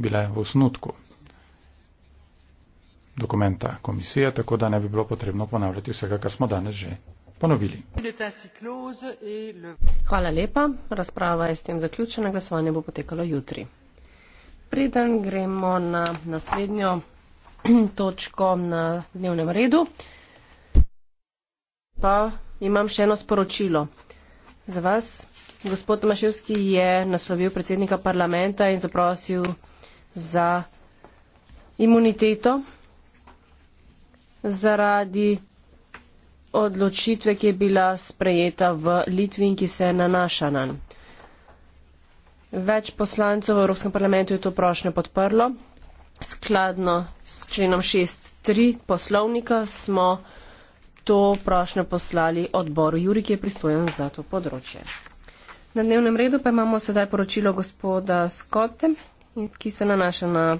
bile v osnutku dokumenta komisije, tako da ne bi bilo potrebno ponavljati vsega, kar smo danes že ponovili. Hvala lepa. Razprava je s tem zaključena. Glasovanje bo potekalo jutri. Preden gremo na naslednjo točko na dnevnem redu, pa imam še eno sporočilo. Za vas, gospod Maševski je naslovil predsednika parlamenta in zaprosil, za imuniteto zaradi odločitve, ki je bila sprejeta v Litvi in ki se nanaša na nanj. Več poslancev v Evropskem parlamentu je to prošnjo podprlo. Skladno s členom 6.3 poslovnika smo to prošnjo poslali odboru Juri, ki je pristojen za to področje. Na dnevnem redu pa imamo sedaj poročilo gospoda Skotte ki se nanaša na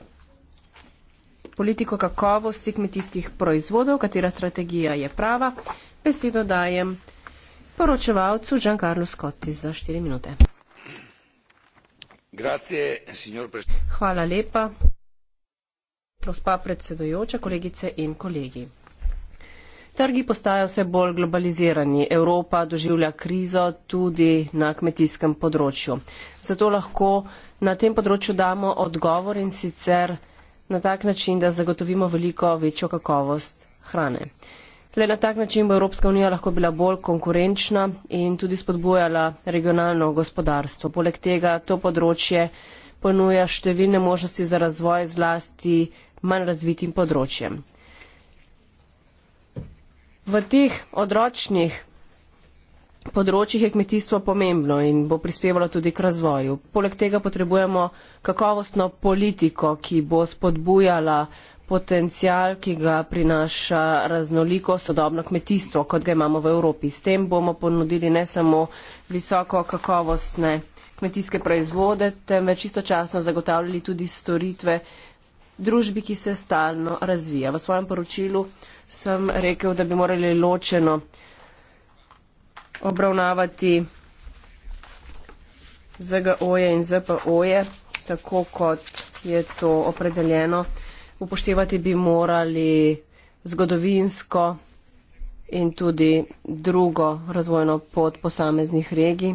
politiko kakovosti kmetijskih proizvodov, katera strategija je prava. Besedo dajem poročevalcu Giancarlo Scotti za 4 minute. Grazie, Hvala lepa, gospa predsedujoča, kolegice in kolegi. Trgi postajajo vse bolj globalizirani. Evropa doživlja krizo tudi na kmetijskem področju. Zato lahko na tem področju damo odgovor in sicer na tak način, da zagotovimo veliko večjo kakovost hrane. Le na tak način bo Evropska unija lahko bila bolj konkurenčna in tudi spodbujala regionalno gospodarstvo. Poleg tega to področje ponuja številne možnosti za razvoj zlasti manj razvitim področjem v teh odročnih področjih je kmetijstvo pomembno in bo prispevalo tudi k razvoju. Poleg tega potrebujemo kakovostno politiko, ki bo spodbujala potencial, ki ga prinaša raznoliko sodobno kmetijstvo, kot ga imamo v Evropi. S tem bomo ponudili ne samo visoko kakovostne kmetijske proizvode, temveč istočasno zagotavljali tudi storitve družbi, ki se stalno razvija. V svojem poročilu sem rekel, da bi morali ločeno obravnavati ZGO-je in ZPO-je, tako kot je to opredeljeno. Upoštevati bi morali zgodovinsko in tudi drugo razvojno pot posameznih regij.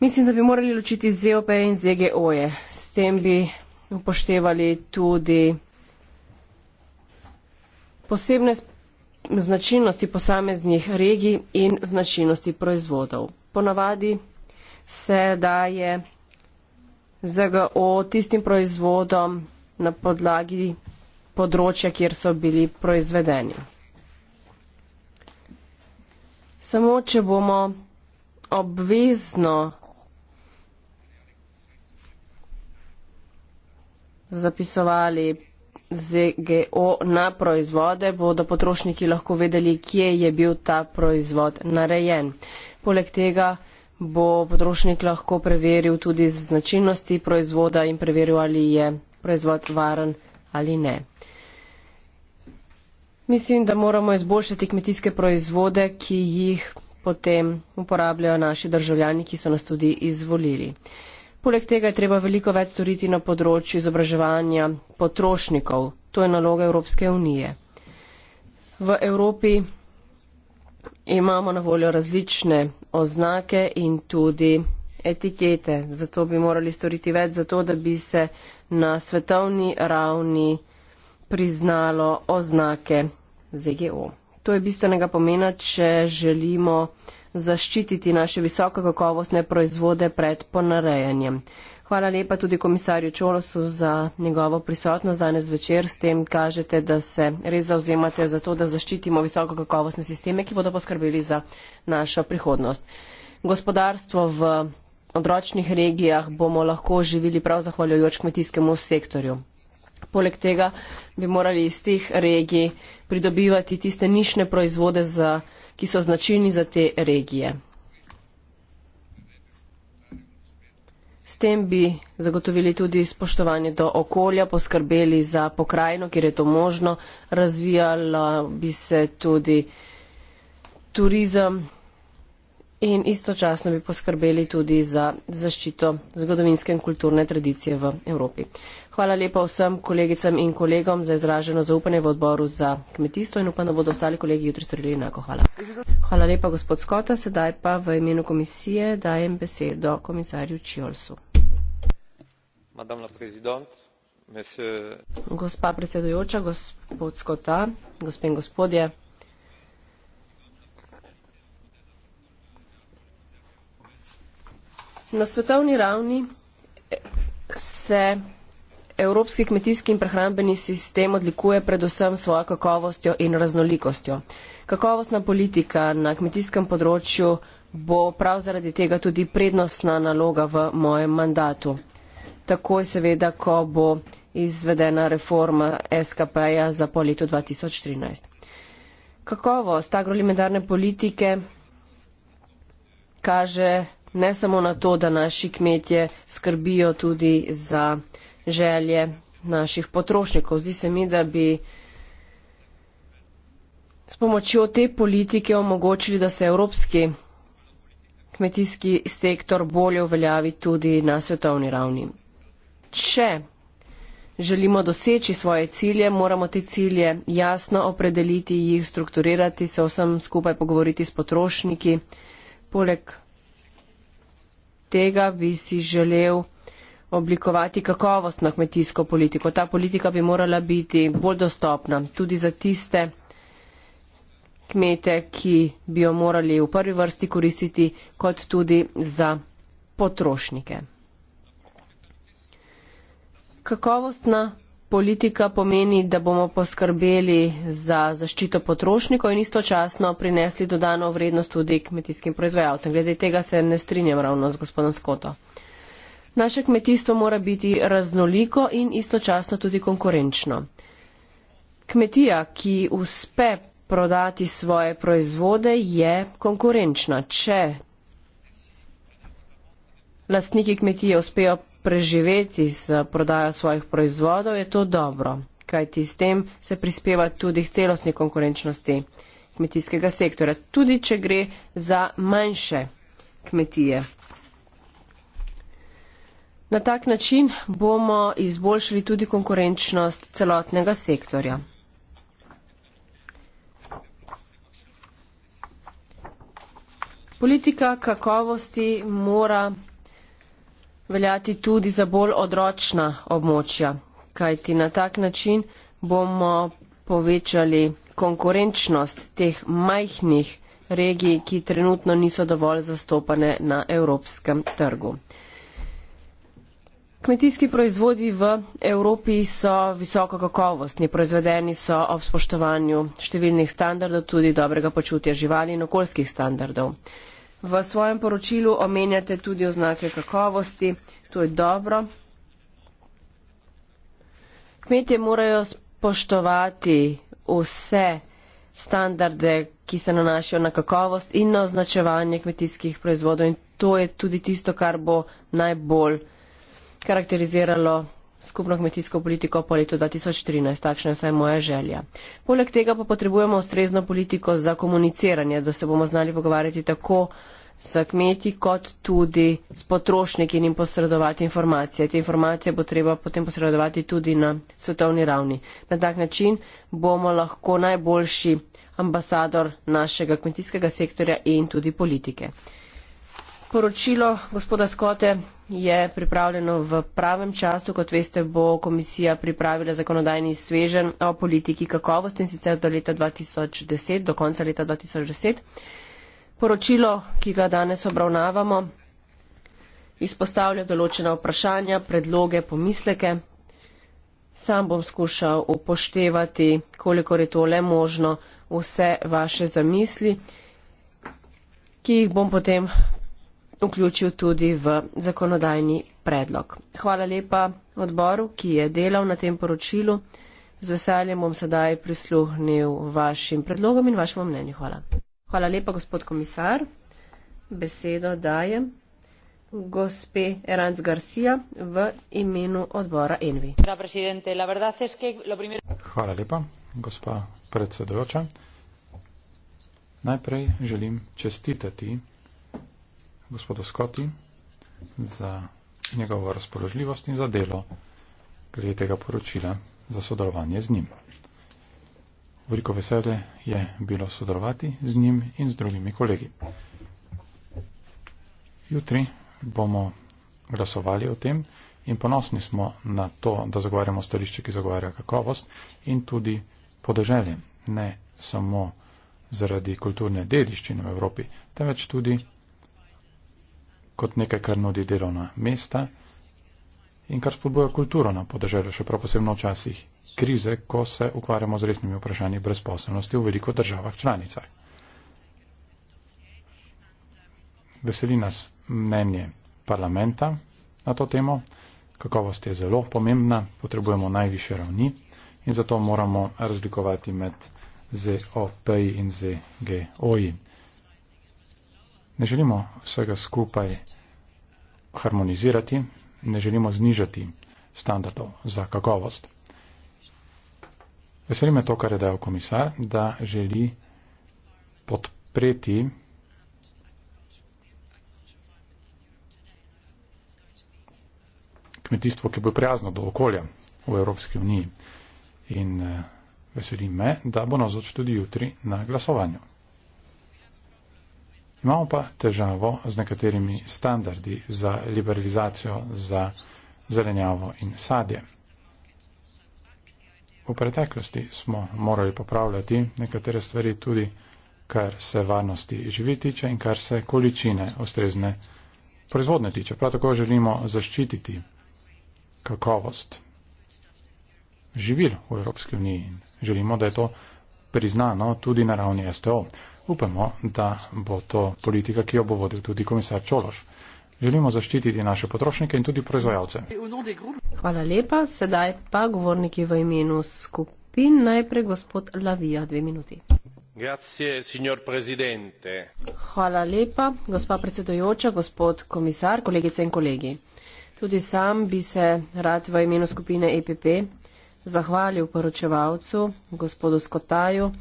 Mislim, da bi morali ločiti ZOP in ZGO-je. S tem bi upoštevali tudi posebne značilnosti posameznih regij in značilnosti proizvodov. Ponavadi se daje ZGO tistim proizvodom na podlagi področja, kjer so bili proizvedeni. Samo, če bomo obvezno zapisovali ZGO na proizvode, bodo potrošniki lahko vedeli, kje je bil ta proizvod narejen. Poleg tega bo potrošnik lahko preveril tudi značilnosti proizvoda in preveril, ali je proizvod varen ali ne. Mislim, da moramo izboljšati kmetijske proizvode, ki jih potem uporabljajo naši državljani, ki so nas tudi izvolili. Poleg tega je treba veliko več storiti na področju izobraževanja potrošnikov. To je naloga Evropske unije. V Evropi imamo na voljo različne oznake in tudi etikete. Zato bi morali storiti več za to, da bi se na svetovni ravni priznalo oznake ZGO. To je bistvenega pomena, če želimo zaščititi naše visoko kakovostne proizvode pred ponarejanjem. Hvala lepa tudi komisarju Čolosu za njegovo prisotnost danes večer. S tem kažete, da se res zauzemate za to, da zaščitimo visoko kakovostne sisteme, ki bodo poskrbeli za našo prihodnost. Gospodarstvo v odročnih regijah bomo lahko živili prav zahvaljujoč kmetijskemu sektorju. Poleg tega bi morali iz teh regij pridobivati tiste nišne proizvode za ki so značilni za te regije. S tem bi zagotovili tudi spoštovanje do okolja, poskrbeli za pokrajino, kjer je to možno, razvijala bi se tudi turizem in istočasno bi poskrbeli tudi za zaščito zgodovinske in kulturne tradicije v Evropi. Hvala lepa vsem kolegicam in kolegom za izraženo zaupanje v odboru za kmetijstvo in upam, da bodo ostali kolegi jutri storili enako. Hvala. Hvala lepa, gospod Skota. Sedaj pa v imenu komisije dajem besedo komisarju Čiolsu. Gospa predsedujoča, gospod Skota, gospe in gospodje. Na svetovni ravni se evropski kmetijski in prehrambeni sistem odlikuje predvsem svojo kakovostjo in raznolikostjo. Kakovostna politika na kmetijskem področju bo prav zaradi tega tudi prednostna naloga v mojem mandatu. Takoj seveda, ko bo izvedena reforma SKP-ja za pol leto 2013. Kakovost agroalimentarne politike kaže ne samo na to, da naši kmetje skrbijo tudi za uh, želje naših potrošnikov. Zdi se mi, da bi s pomočjo te politike omogočili, da se evropski kmetijski sektor bolje uveljavi tudi na svetovni ravni. Če želimo doseči svoje cilje, moramo te cilje jasno opredeliti, jih strukturirati, se vsem skupaj pogovoriti s potrošniki. Poleg tega bi si želel, oblikovati kakovostno kmetijsko politiko. Ta politika bi morala biti bolj dostopna tudi za tiste kmete, ki bi jo morali v prvi vrsti koristiti, kot tudi za potrošnike. Kakovostna politika pomeni, da bomo poskrbeli za zaščito potrošnikov in istočasno prinesli dodano vrednost tudi kmetijskim proizvajalcem. Glede tega se ne strinjam ravno z gospodom Skoto. Naše kmetijstvo mora biti raznoliko in istočasno tudi konkurenčno. Kmetija, ki uspe prodati svoje proizvode, je konkurenčna. Če lastniki kmetije uspejo preživeti z prodajo svojih proizvodov, je to dobro, kajti s tem se prispeva tudi k celostni konkurenčnosti kmetijskega sektora, tudi če gre za manjše kmetije. Na tak način bomo izboljšali tudi konkurenčnost celotnega sektorja. Politika kakovosti mora veljati tudi za bolj odročna območja, kajti na tak način bomo povečali konkurenčnost teh majhnih regij, ki trenutno niso dovolj zastopane na evropskem trgu. Kmetijski proizvodi v Evropi so visoko kakovostni, proizvedeni so ob spoštovanju številnih standardov, tudi dobrega počutja živali in okoljskih standardov. V svojem poročilu omenjate tudi oznake kakovosti, to je dobro. Kmetje morajo spoštovati vse standarde, ki se nanašajo na kakovost in na označevanje kmetijskih proizvodov in to je tudi tisto, kar bo najbolj karakteriziralo skupno kmetijsko politiko po letu 2013. Takšna je vsaj moja želja. Poleg tega pa potrebujemo ustrezno politiko za komuniciranje, da se bomo znali pogovarjati tako s kmeti kot tudi s potrošniki in jim posredovati informacije. Te informacije bo treba potem posredovati tudi na svetovni ravni. Na tak način bomo lahko najboljši ambasador našega kmetijskega sektorja in tudi politike. Poročilo gospoda Skote je pripravljeno v pravem času. Kot veste, bo komisija pripravila zakonodajni svežen o politiki kakovosti in sicer do leta 2010, do konca leta 2010. Poročilo, ki ga danes obravnavamo, izpostavlja določena vprašanja, predloge, pomisleke. Sam bom skušal upoštevati, koliko je to le možno, vse vaše zamisli, ki jih bom potem vključil tudi v zakonodajni predlog. Hvala lepa odboru, ki je delal na tem poročilu. Z veseljem bom sedaj prisluhnil vašim predlogom in vašemu mnenju. Hvala. Hvala lepa, gospod komisar. Besedo dajem gospe Eranc Garcia v imenu odbora Envi. Hvala lepa, gospa predsedujoča. Najprej želim čestitati gospodu Skoti za njegovo razpoložljivost in za delo glede tega poročila za sodelovanje z njim. Veliko veselje je bilo sodelovati z njim in z drugimi kolegi. Jutri bomo glasovali o tem in ponosni smo na to, da zagovarjamo stališče, ki zagovarja kakovost in tudi podeželje, ne samo zaradi kulturne dediščine v Evropi, temveč tudi kot nekaj, kar nudi delovna mesta in kar spodbuja kulturo na podeželju, še prav posebno v časih krize, ko se ukvarjamo z resnimi vprašanji brezposobnosti v veliko državah članicah. Veseli nas mnenje parlamenta na to temo. Kakovost je zelo pomembna, potrebujemo najviše ravni in zato moramo razlikovati med ZOP in ZGOI. Ne želimo vsega skupaj harmonizirati, ne želimo znižati standardov za kakovost. Veseli me to, kar je dejal komisar, da želi podpreti kmetijstvo, ki bo prijazno do okolja v Evropski uniji. In eh, veseli me, da bo nazoč tudi jutri na glasovanju. Imamo pa težavo z nekaterimi standardi za liberalizacijo za zelenjavo in sadje. V preteklosti smo morali popravljati nekatere stvari tudi, kar se varnosti živi tiče in kar se količine ustrezne proizvodne tiče. Prav tako želimo zaščititi kakovost živil v Evropski uniji in želimo, da je to priznano tudi na ravni STO. Upamo, da bo to politika, ki jo bo vodil tudi komisar Čološ. Želimo zaščititi naše potrošnike in tudi proizvajalce. Hvala lepa. Sedaj pa govorniki v imenu skupin. Najprej gospod Lavija, dve minuti. Grazie, Hvala lepa, gospa predsedojoča, gospod komisar, kolegice in kolegi. Tudi sam bi se rad v imenu skupine EPP zahvalil poročevalcu, gospodu Skotaju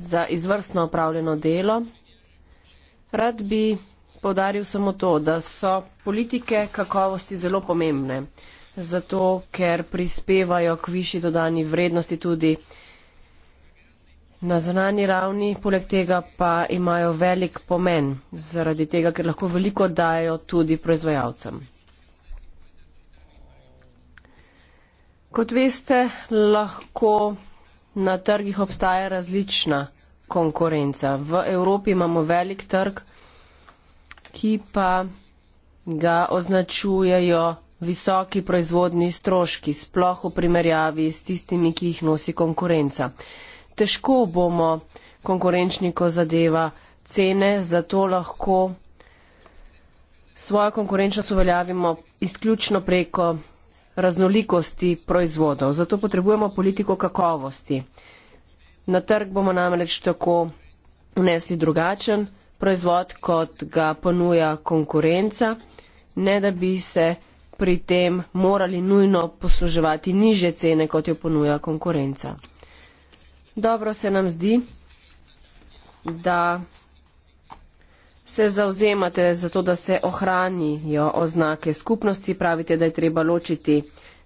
za izvrstno opravljeno delo. Rad bi podaril samo to, da so politike kakovosti zelo pomembne, zato ker prispevajo k višji dodani vrednosti tudi na zonani ravni, poleg tega pa imajo velik pomen, zaradi tega, ker lahko veliko dajo tudi proizvajalcem. Kot veste, lahko na trgih obstaja različna konkurenca. V Evropi imamo velik trg, ki pa ga označujejo visoki proizvodni stroški, sploh v primerjavi s tistimi, ki jih nosi konkurenca. Težko bomo konkurenčni, ko zadeva cene, zato lahko svojo konkurenčnost uveljavimo izključno preko raznolikosti proizvodov. Zato potrebujemo politiko kakovosti. Na trg bomo namreč tako vnesli drugačen proizvod, kot ga ponuja konkurenca, ne da bi se pri tem morali nujno posluževati niže cene, kot jo ponuja konkurenca. Dobro se nam zdi, da se zauzemate za to, da se ohranijo oznake skupnosti, pravite, da je treba ločiti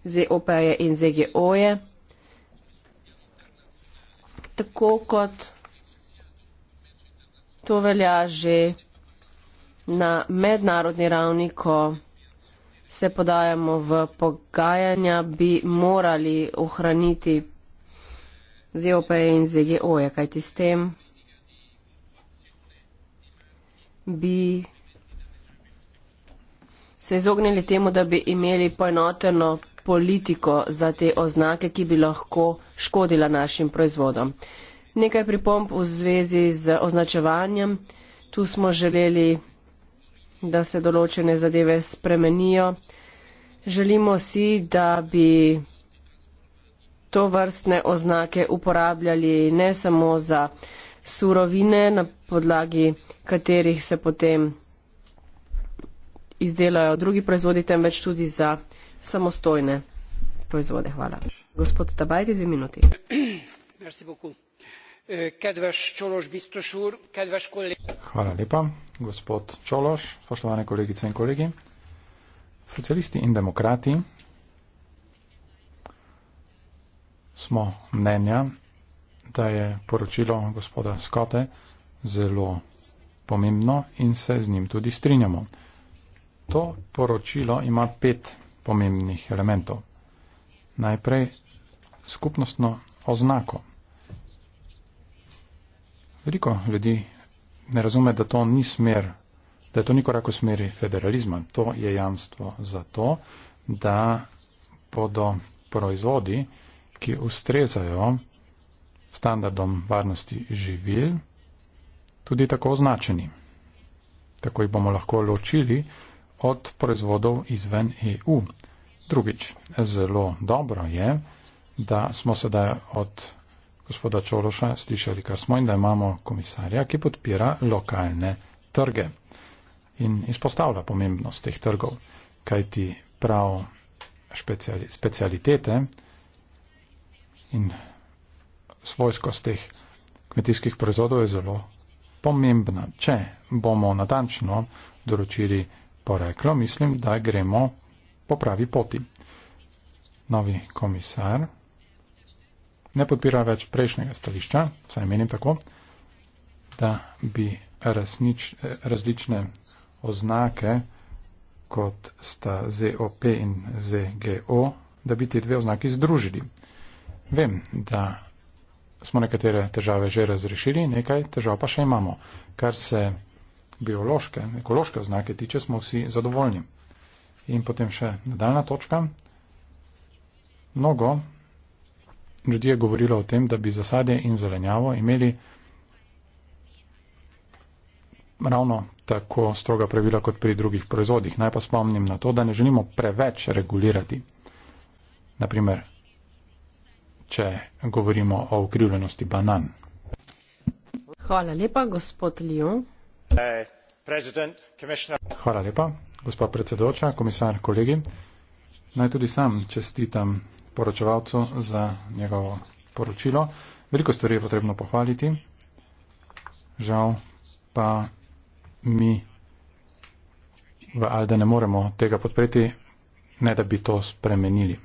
ZOP-je in ZGO-je, tako kot to velja že na mednarodni ravni, ko se podajamo v pogajanja, bi morali ohraniti ZOP-je in ZGO-je, kajti s tem bi se izognili temu, da bi imeli poenoteno politiko za te oznake, ki bi lahko škodila našim proizvodom. Nekaj pripomp v zvezi z označevanjem. Tu smo želeli, da se določene zadeve spremenijo. Želimo si, da bi to vrstne oznake uporabljali ne samo za surovine, na podlagi katerih se potem izdelajo drugi proizvodi, temveč tudi za samostojne proizvode. Hvala. Gospod Tabajdi, dve minuti. Eh, kedves Čološ, bistošur, kedves kolegi. Hvala lepa, gospod Čološ, spoštovane kolegice in kolegi. Socialisti in demokrati smo mnenja, da je poročilo gospoda Skote zelo pomembno in se z njim tudi strinjamo. To poročilo ima pet pomembnih elementov. Najprej skupnostno oznako. Veliko ljudi ne razume, da to ni smer, da je to ni korak v smeri federalizma. To je jamstvo za to, da bodo proizvodi, ki ustrezajo standardom varnosti živil, tudi tako označeni. Tako jih bomo lahko ločili od proizvodov izven EU. Drugič, zelo dobro je, da smo sedaj od gospoda Čološa slišali, kar smo in da imamo komisarja, ki podpira lokalne trge in izpostavlja pomembnost teh trgov, kajti prav speciali, specialitete in svojskost teh kmetijskih proizvodov je zelo pomembna. Če bomo natančno določili poreklo, mislim, da gremo po pravi poti. Novi komisar ne podpira več prejšnjega stališča, saj menim tako, da bi resnič, različne oznake, kot sta ZOP in ZGO, da bi te dve oznaki združili. Vem, da smo nekatere težave že razrešili, nekaj težav pa še imamo. Kar se biološke, ekološke oznake tiče, smo vsi zadovoljni. In potem še nadaljna točka. Mnogo ljudi je govorilo o tem, da bi zasadje in zelenjavo imeli ravno tako stroga pravila kot pri drugih proizvodih. Naj pa spomnim na to, da ne želimo preveč regulirati. Naprimer, če govorimo o ukrivljenosti banan. Hvala lepa, gospod Lyon. Uh, Hvala lepa, gospod predsedoča, komisar, kolegi. Naj tudi sam čestitam poročevalcu za njegovo poročilo. Veliko stvari je potrebno pohvaliti, žal pa mi v Alde ne moremo tega podpreti, ne da bi to spremenili,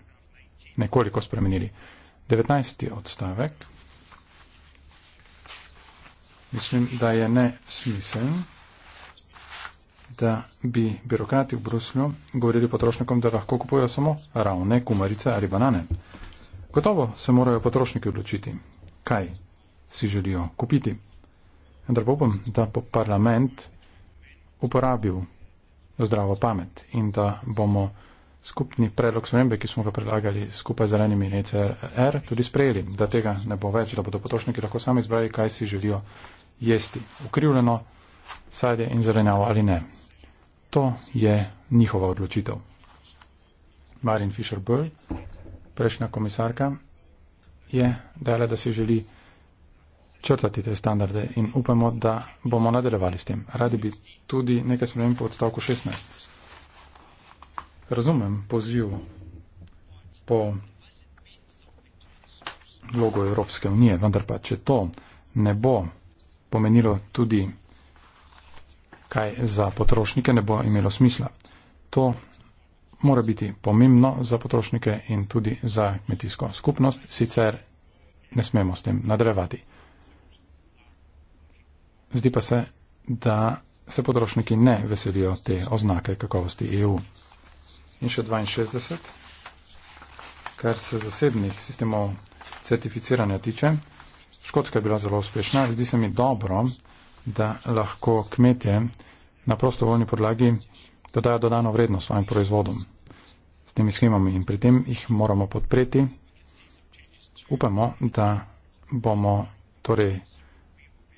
nekoliko spremenili. 19. odstavek. Mislim, da je ne smisel, da bi birokrati v Bruslju govorili potrošnikom, da lahko kupujo samo ravne kumarice ali banane. Gotovo se morajo potrošniki odločiti, kaj si želijo kupiti. Vendar pa upam, da bo parlament uporabil zdravo pamet in da bomo skupni predlog spremembe, ki smo ga predlagali skupaj z zelenimi in ECR, tudi sprejeli, da tega ne bo več, da bodo potrošniki lahko sami izbrali, kaj si želijo jesti. Ukrivljeno sadje in zelenjavo ali ne. To je njihova odločitev. Marin Fisher-Burr, prejšnja komisarka, je dala, da si želi črtati te standarde in upamo, da bomo nadaljevali s tem. Radi bi tudi nekaj sprememb po odstavku 16. Razumem poziv po vlogo Evropske unije, vendar pa, če to ne bo pomenilo tudi kaj za potrošnike, ne bo imelo smisla. To mora biti pomembno za potrošnike in tudi za kmetijsko skupnost, sicer ne smemo s tem nadrevati. Zdi pa se, da se potrošniki ne veselijo te oznake kakovosti EU in še 62, kar se zasebnih sistemov certificiranja tiče. Škotska je bila zelo uspešna. Zdi se mi dobro, da lahko kmetje na prostovoljni podlagi dodajo dodano vrednost svojim proizvodom s temi schemami in pri tem jih moramo podpreti. Upamo, da bomo torej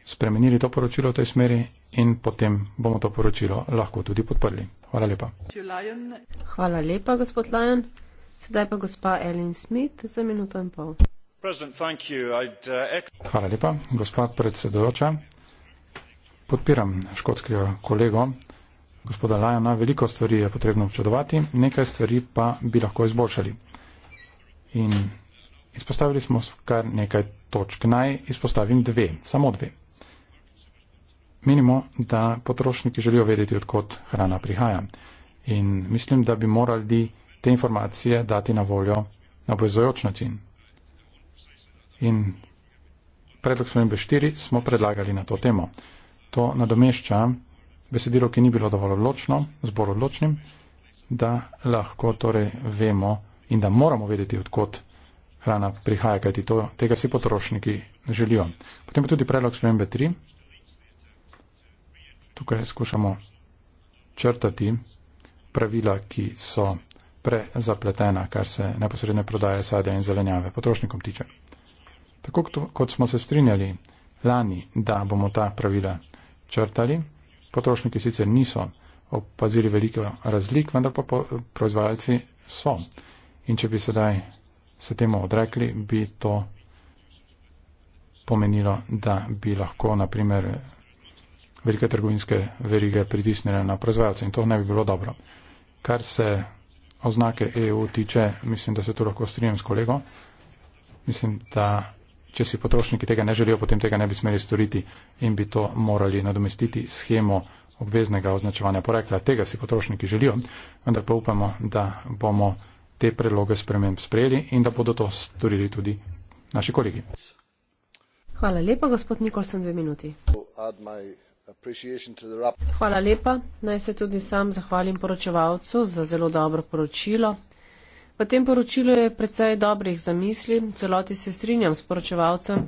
spremenili to poročilo v tej smeri in potem bomo to poročilo lahko tudi podprli. Hvala lepa. Hvala lepa, gospod Lajon. Sedaj pa gospa Ellen Smith za minuto in pol. Uh, Hvala lepa, gospa predsedujoča. Podpiram škotskega kolego, gospoda Lajona. Veliko stvari je potrebno občudovati, nekaj stvari pa bi lahko izboljšali. In izpostavili smo kar nekaj točk. Naj izpostavim dve, samo dve. Menimo, da potrošniki želijo vedeti, odkot hrana prihaja. In mislim, da bi morali te informacije dati na voljo na obvezojoč način. In predlog spremembe 4 smo predlagali na to temo. To nadomešča besedilo, ki ni bilo dovolj odločno, zbor odločnim, da lahko torej vemo in da moramo vedeti, odkot hrana prihaja, kajti to, tega si potrošniki želijo. Potem pa tudi predlog spremembe 3 tukaj skušamo črtati pravila, ki so prezapletena, kar se neposredne prodaje sadja in zelenjave potrošnikom tiče. Tako kot smo se strinjali lani, da bomo ta pravila črtali, potrošniki sicer niso opazili veliko razlik, vendar pa proizvajalci so. In če bi sedaj se temu odrekli, bi to pomenilo, da bi lahko, naprimer, velike trgovinske verige pritisnile na proizvajalce in to ne bi bilo dobro. Kar se oznake EU tiče, mislim, da se tu lahko strinjam s kolego. Mislim, da če si potrošniki tega ne želijo, potem tega ne bi smeli storiti in bi to morali nadomestiti schemo obveznega označevanja porekla. Tega si potrošniki želijo, vendar pa upamo, da bomo te predloge sprememb sprejeli in da bodo to storili tudi naši kolegi. Hvala lepa, gospod Nikolsen, dve minuti. Hvala lepa. Naj se tudi sam zahvalim poročevalcu za zelo dobro poročilo. V tem poročilu je precej dobrih zamisli. V celoti se strinjam s poročevalcem,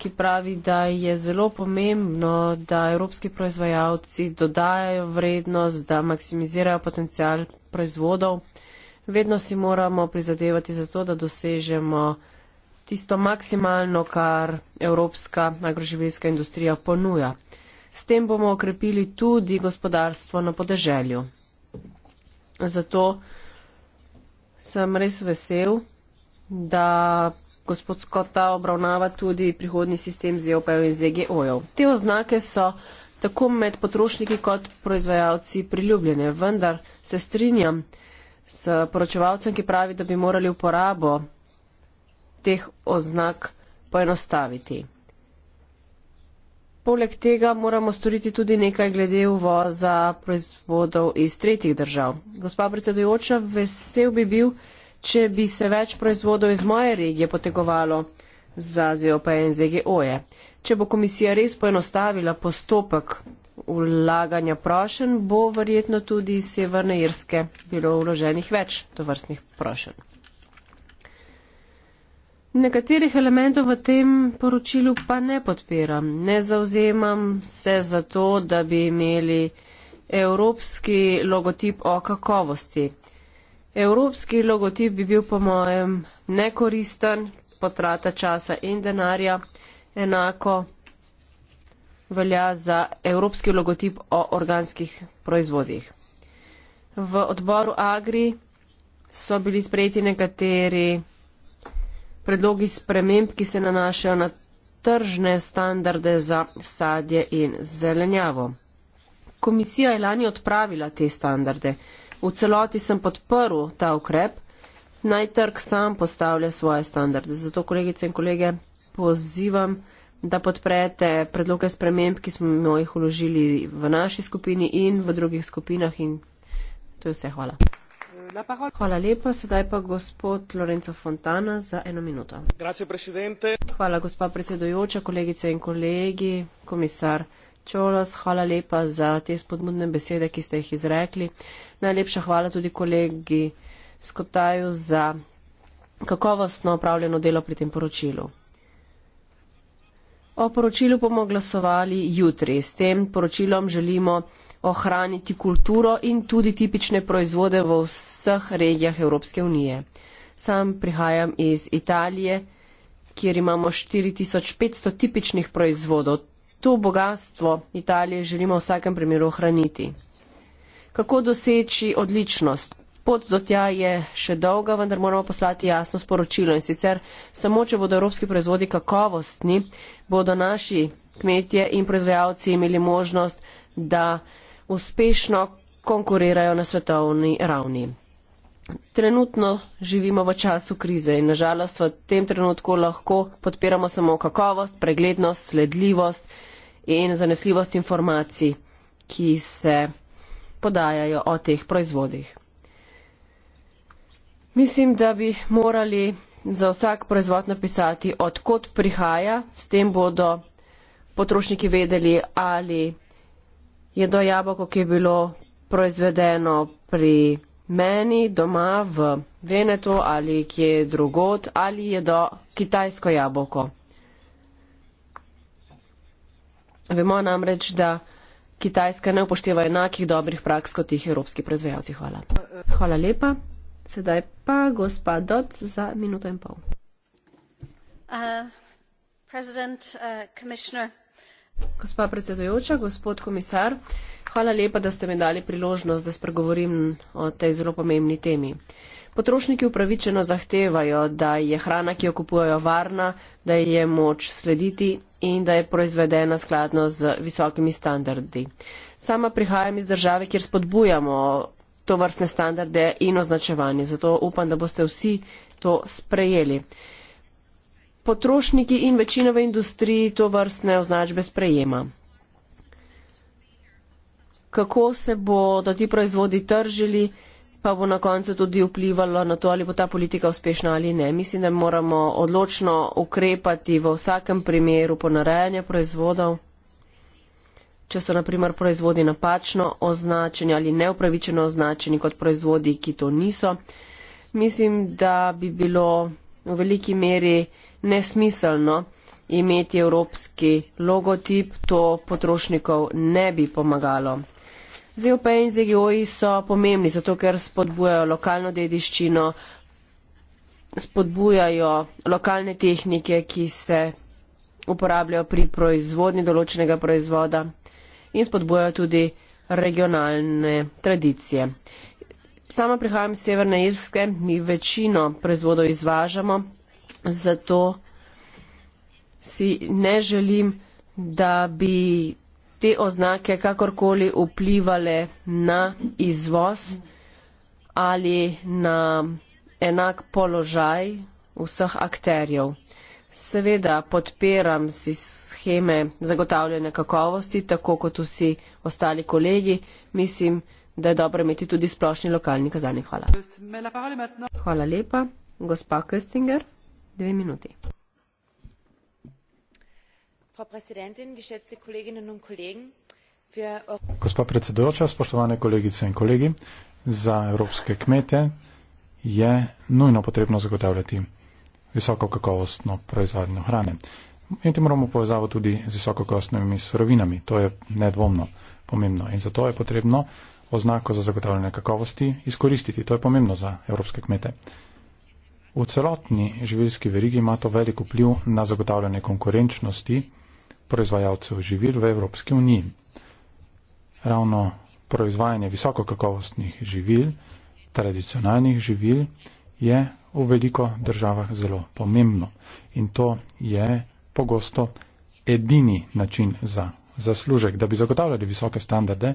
ki pravi, da je zelo pomembno, da evropski proizvajalci dodajajo vrednost, da maksimizirajo potencial proizvodov. Vedno si moramo prizadevati za to, da dosežemo tisto maksimalno, kar evropska agroživljska industrija ponuja. S tem bomo okrepili tudi gospodarstvo na podeželju. Zato sem res vesel, da gospod Skota obravnava tudi prihodni sistem ZEOP-ev in ZGO-jev. Te oznake so tako med potrošniki kot proizvajalci priljubljene, vendar se strinjam s poročevalcem, ki pravi, da bi morali uporabo teh oznak poenostaviti. Poleg tega moramo storiti tudi nekaj glede uvoza proizvodov iz tretjih držav. Gospa predsedujoča, vesel bi bil, če bi se več proizvodov iz moje regije potegovalo za ZOP in ZGO-je. Če bo komisija res poenostavila postopek vlaganja prošen, bo verjetno tudi iz Severne Irske bilo vloženih več tovrstnih prošen. Nekaterih elementov v tem poročilu pa ne podpiram. Ne zauzemam se za to, da bi imeli evropski logotip o kakovosti. Evropski logotip bi bil po mojem nekoristen, potrata časa in denarja. Enako velja za evropski logotip o organskih proizvodih. V odboru Agri so bili sprejeti nekateri predlogi sprememb, ki se nanašajo na tržne standarde za sadje in zelenjavo. Komisija je lani odpravila te standarde. V celoti sem podprl ta ukrep. Naj trg sam postavlja svoje standarde. Zato, kolegice in kolege, pozivam, da podprete predloge sprememb, ki smo jih uložili v naši skupini in v drugih skupinah. In to je vse. Hvala. Hvala lepa, sedaj pa gospod Lorenzo Fontana za eno minuto. Hvala, gospa predsedujoča, kolegice in kolegi, komisar Čolos, hvala lepa za te spodbudne besede, ki ste jih izrekli. Najlepša hvala tudi kolegi Skotaju za kakovostno opravljeno delo pri tem poročilu. O poročilu bomo glasovali jutri. S tem poročilom želimo ohraniti kulturo in tudi tipične proizvode v vseh regijah Evropske unije. Sam prihajam iz Italije, kjer imamo 4500 tipičnih proizvodov. To bogatstvo Italije želimo v vsakem primeru ohraniti. Kako doseči odličnost? Pot do tja je še dolga, vendar moramo poslati jasno sporočilo in sicer samo, če bodo evropski proizvodi kakovostni, bodo naši kmetje in proizvajalci imeli možnost, da uspešno konkurirajo na svetovni ravni. Trenutno živimo v času krize in nažalost v tem trenutku lahko podpiramo samo kakovost, preglednost, sledljivost in zanesljivost informacij, ki se podajajo o teh proizvodih. Mislim, da bi morali za vsak proizvod napisati, odkot prihaja, s tem bodo potrošniki vedeli, ali je to jabolko, ki je bilo proizvedeno pri meni doma v Venetu ali kje drugot, ali je to kitajsko jabolko. Vemo namreč, da Kitajska ne upošteva enakih dobrih praks kot jih evropski proizvajalci. Hvala. Hvala lepa. Sedaj pa gospa Dodd za minuto in pol. Uh, uh, gospa predsedujoča, gospod komisar, hvala lepa, da ste mi dali priložnost, da spregovorim o tej zelo pomembni temi. Potrošniki upravičeno zahtevajo, da je hrana, ki jo kupujejo, varna, da je moč slediti in da je proizvedena skladno z visokimi standardi. Sama prihajam iz države, kjer spodbujamo to vrstne standarde in označevanje. Zato upam, da boste vsi to sprejeli. Potrošniki in večina v industriji to vrstne označbe sprejema. Kako se bodo ti proizvodi tržili, pa bo na koncu tudi vplivalo na to, ali bo ta politika uspešna ali ne. Mislim, da moramo odločno ukrepati v vsakem primeru ponarejanja proizvodov če so naprimer proizvodi napačno označeni ali neupravičeno označeni kot proizvodi, ki to niso. Mislim, da bi bilo v veliki meri nesmiselno imeti evropski logotip, to potrošnikov ne bi pomagalo. ZOP e in ZGO-ji so pomembni, zato ker spodbujajo lokalno dediščino, spodbujajo lokalne tehnike, ki se uporabljajo pri proizvodni določenega proizvoda in spodbujajo tudi regionalne tradicije. Sama prihajam iz Severne Irske, mi večino proizvodov izvažamo, zato si ne želim, da bi te oznake kakorkoli vplivale na izvoz ali na enak položaj vseh akterjev. Seveda podpiram si scheme zagotavljanja kakovosti, tako kot vsi ostali kolegi. Mislim, da je dobro imeti tudi splošni lokalni kazalnik. Hvala. Hvala lepa. Gospa Köstinger, dve minuti. Gospa predsedujoča, spoštovane kolegice in kolegi, za evropske kmete je nujno potrebno zagotavljati visoko kakovostno proizvodnjo hrane. In te moramo povezavo tudi z visoko kakovostnimi surovinami. To je nedvomno pomembno. In zato je potrebno oznako za zagotavljanje kakovosti izkoristiti. To je pomembno za evropske kmete. V celotni živilski verigi ima to veliko vpliv na zagotavljanje konkurenčnosti proizvajalcev živil v Evropski uniji. Ravno proizvajanje visokokakovostnih živil, tradicionalnih živil, je v veliko državah zelo pomembno. In to je pogosto edini način za zaslužek. Da bi zagotavljali visoke standarde,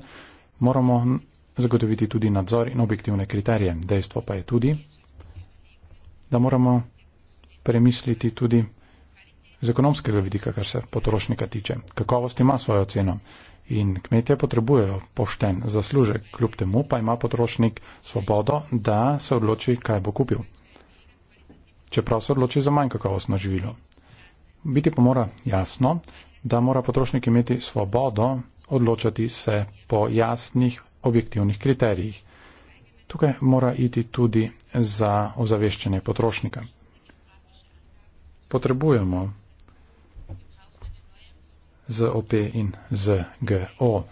moramo zagotoviti tudi nadzor in objektivne kriterije. Dejstvo pa je tudi, da moramo premisliti tudi z ekonomskega vidika, kar se potrošnika tiče. Kakovost ima svojo ceno in kmetje potrebujejo pošten zaslužek, kljub temu pa ima potrošnik svobodo, da se odloči, kaj bo kupil čeprav se odloči za manj kakovostno živilo. Biti pa mora jasno, da mora potrošnik imeti svobodo odločati se po jasnih objektivnih kriterijih. Tukaj mora iti tudi za ozaveščanje potrošnika. Potrebujemo ZOP in ZGO.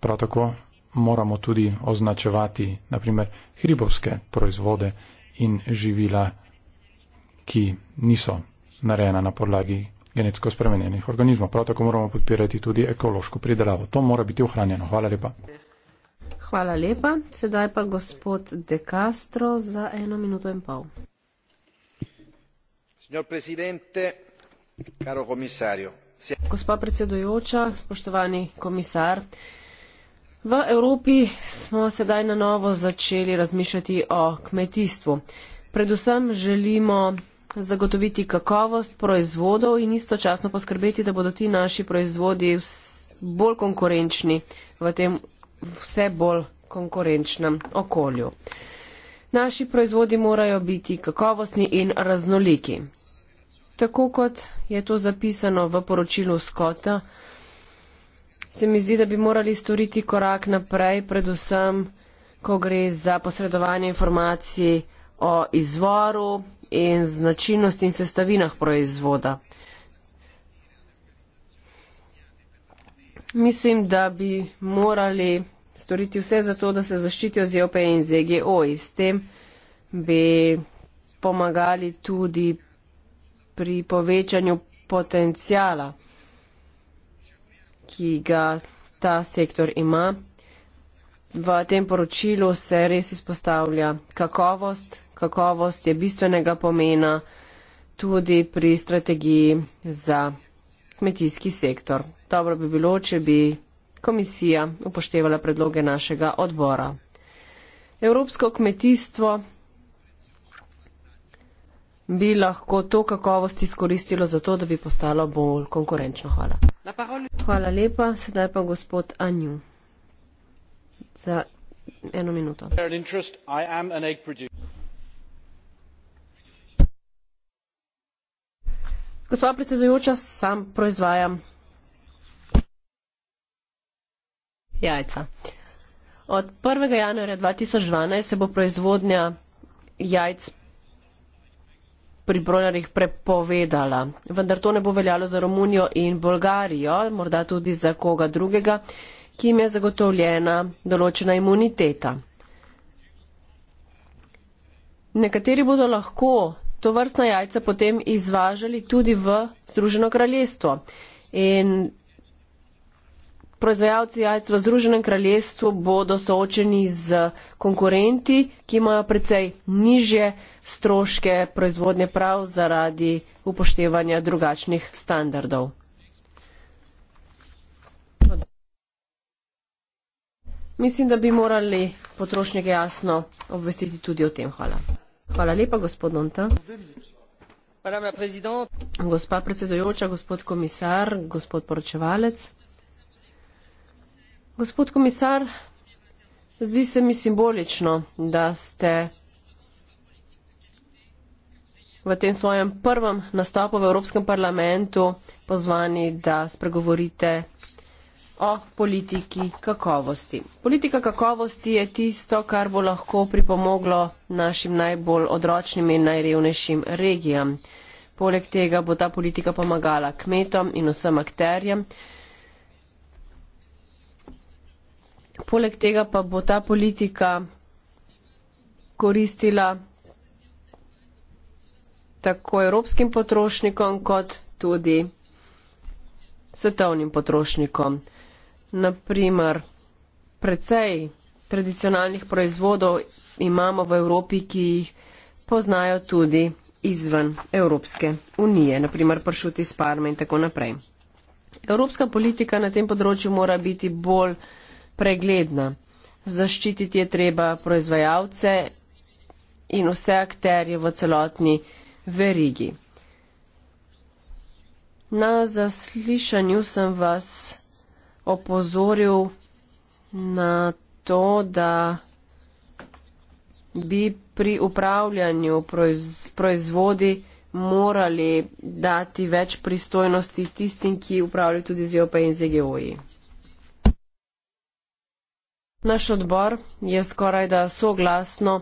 Prav tako moramo tudi označevati naprimer hribovske proizvode in živila ki niso narejena na podlagi genetsko spremenjenih organizmov. Prav tako moramo podpirati tudi ekološko pridelavo. To mora biti ohranjeno. Hvala lepa. Hvala lepa. Sedaj pa gospod De Castro za eno minuto in pol. Gospa predsedujoča, spoštovani komisar. V Evropi smo sedaj na novo začeli razmišljati o kmetijstvu. Predvsem želimo zagotoviti kakovost proizvodov in istočasno poskrbeti, da bodo ti naši proizvodi bolj konkurenčni v tem vse bolj konkurenčnem okolju. Naši proizvodi morajo biti kakovostni in raznoliki. Tako kot je to zapisano v poročilu Skota, se mi zdi, da bi morali storiti korak naprej, predvsem, ko gre za posredovanje informacij o izvoru, in značilnosti in sestavinah proizvoda. Mislim, da bi morali storiti vse za to, da se zaščitijo ZOP e in ZGO. E S tem bi pomagali tudi pri povečanju potencijala, ki ga ta sektor ima. V tem poročilu se res izpostavlja kakovost kakovost je bistvenega pomena tudi pri strategiji za kmetijski sektor. Dobro bi bilo, če bi komisija upoštevala predloge našega odbora. Evropsko kmetijstvo bi lahko to kakovost izkoristilo za to, da bi postalo bolj konkurenčno. Hvala. Hvala lepa. Sedaj pa gospod Anju. Za eno minuto. Gospa predsedujoča, sam proizvajam jajca. Od 1. januarja 2012 se bo proizvodnja jajc pri brojnarjih prepovedala. Vendar to ne bo veljalo za Romunijo in Bolgarijo, morda tudi za koga drugega, ki jim je zagotovljena določena imuniteta. Nekateri bodo lahko to vrstna jajca potem izvažali tudi v Združeno kraljestvo. In proizvajalci jajc v Združenem kraljestvu bodo soočeni z konkurenti, ki imajo precej nižje stroške proizvodnje prav zaradi upoštevanja drugačnih standardov. Mislim, da bi morali potrošnike jasno obvestiti tudi o tem. Hvala. Gospa predsedujoča, gospod komisar, gospod poročevalec. Gospod komisar, zdi se mi simbolično, da ste v tem svojem prvem nastopu v Evropskem parlamentu pozvani, da spregovorite o politiki kakovosti. Politika kakovosti je tisto, kar bo lahko pripomoglo našim najbolj odročnim in najrevnejšim regijam. Poleg tega bo ta politika pomagala kmetom in vsem akterjem. Poleg tega pa bo ta politika koristila tako evropskim potrošnikom kot tudi svetovnim potrošnikom naprimer, precej tradicionalnih proizvodov imamo v Evropi, ki jih poznajo tudi izven Evropske unije, naprimer pršuti iz Parme in tako naprej. Evropska politika na tem področju mora biti bolj pregledna. Zaščititi je treba proizvajalce in vse akterje v celotni verigi. Na zaslišanju sem vas opozoril na to, da bi pri upravljanju proiz, proizvodi morali dati več pristojnosti tistim, ki upravljajo tudi z EOP in ZGO-ji. E Naš odbor je skoraj da soglasno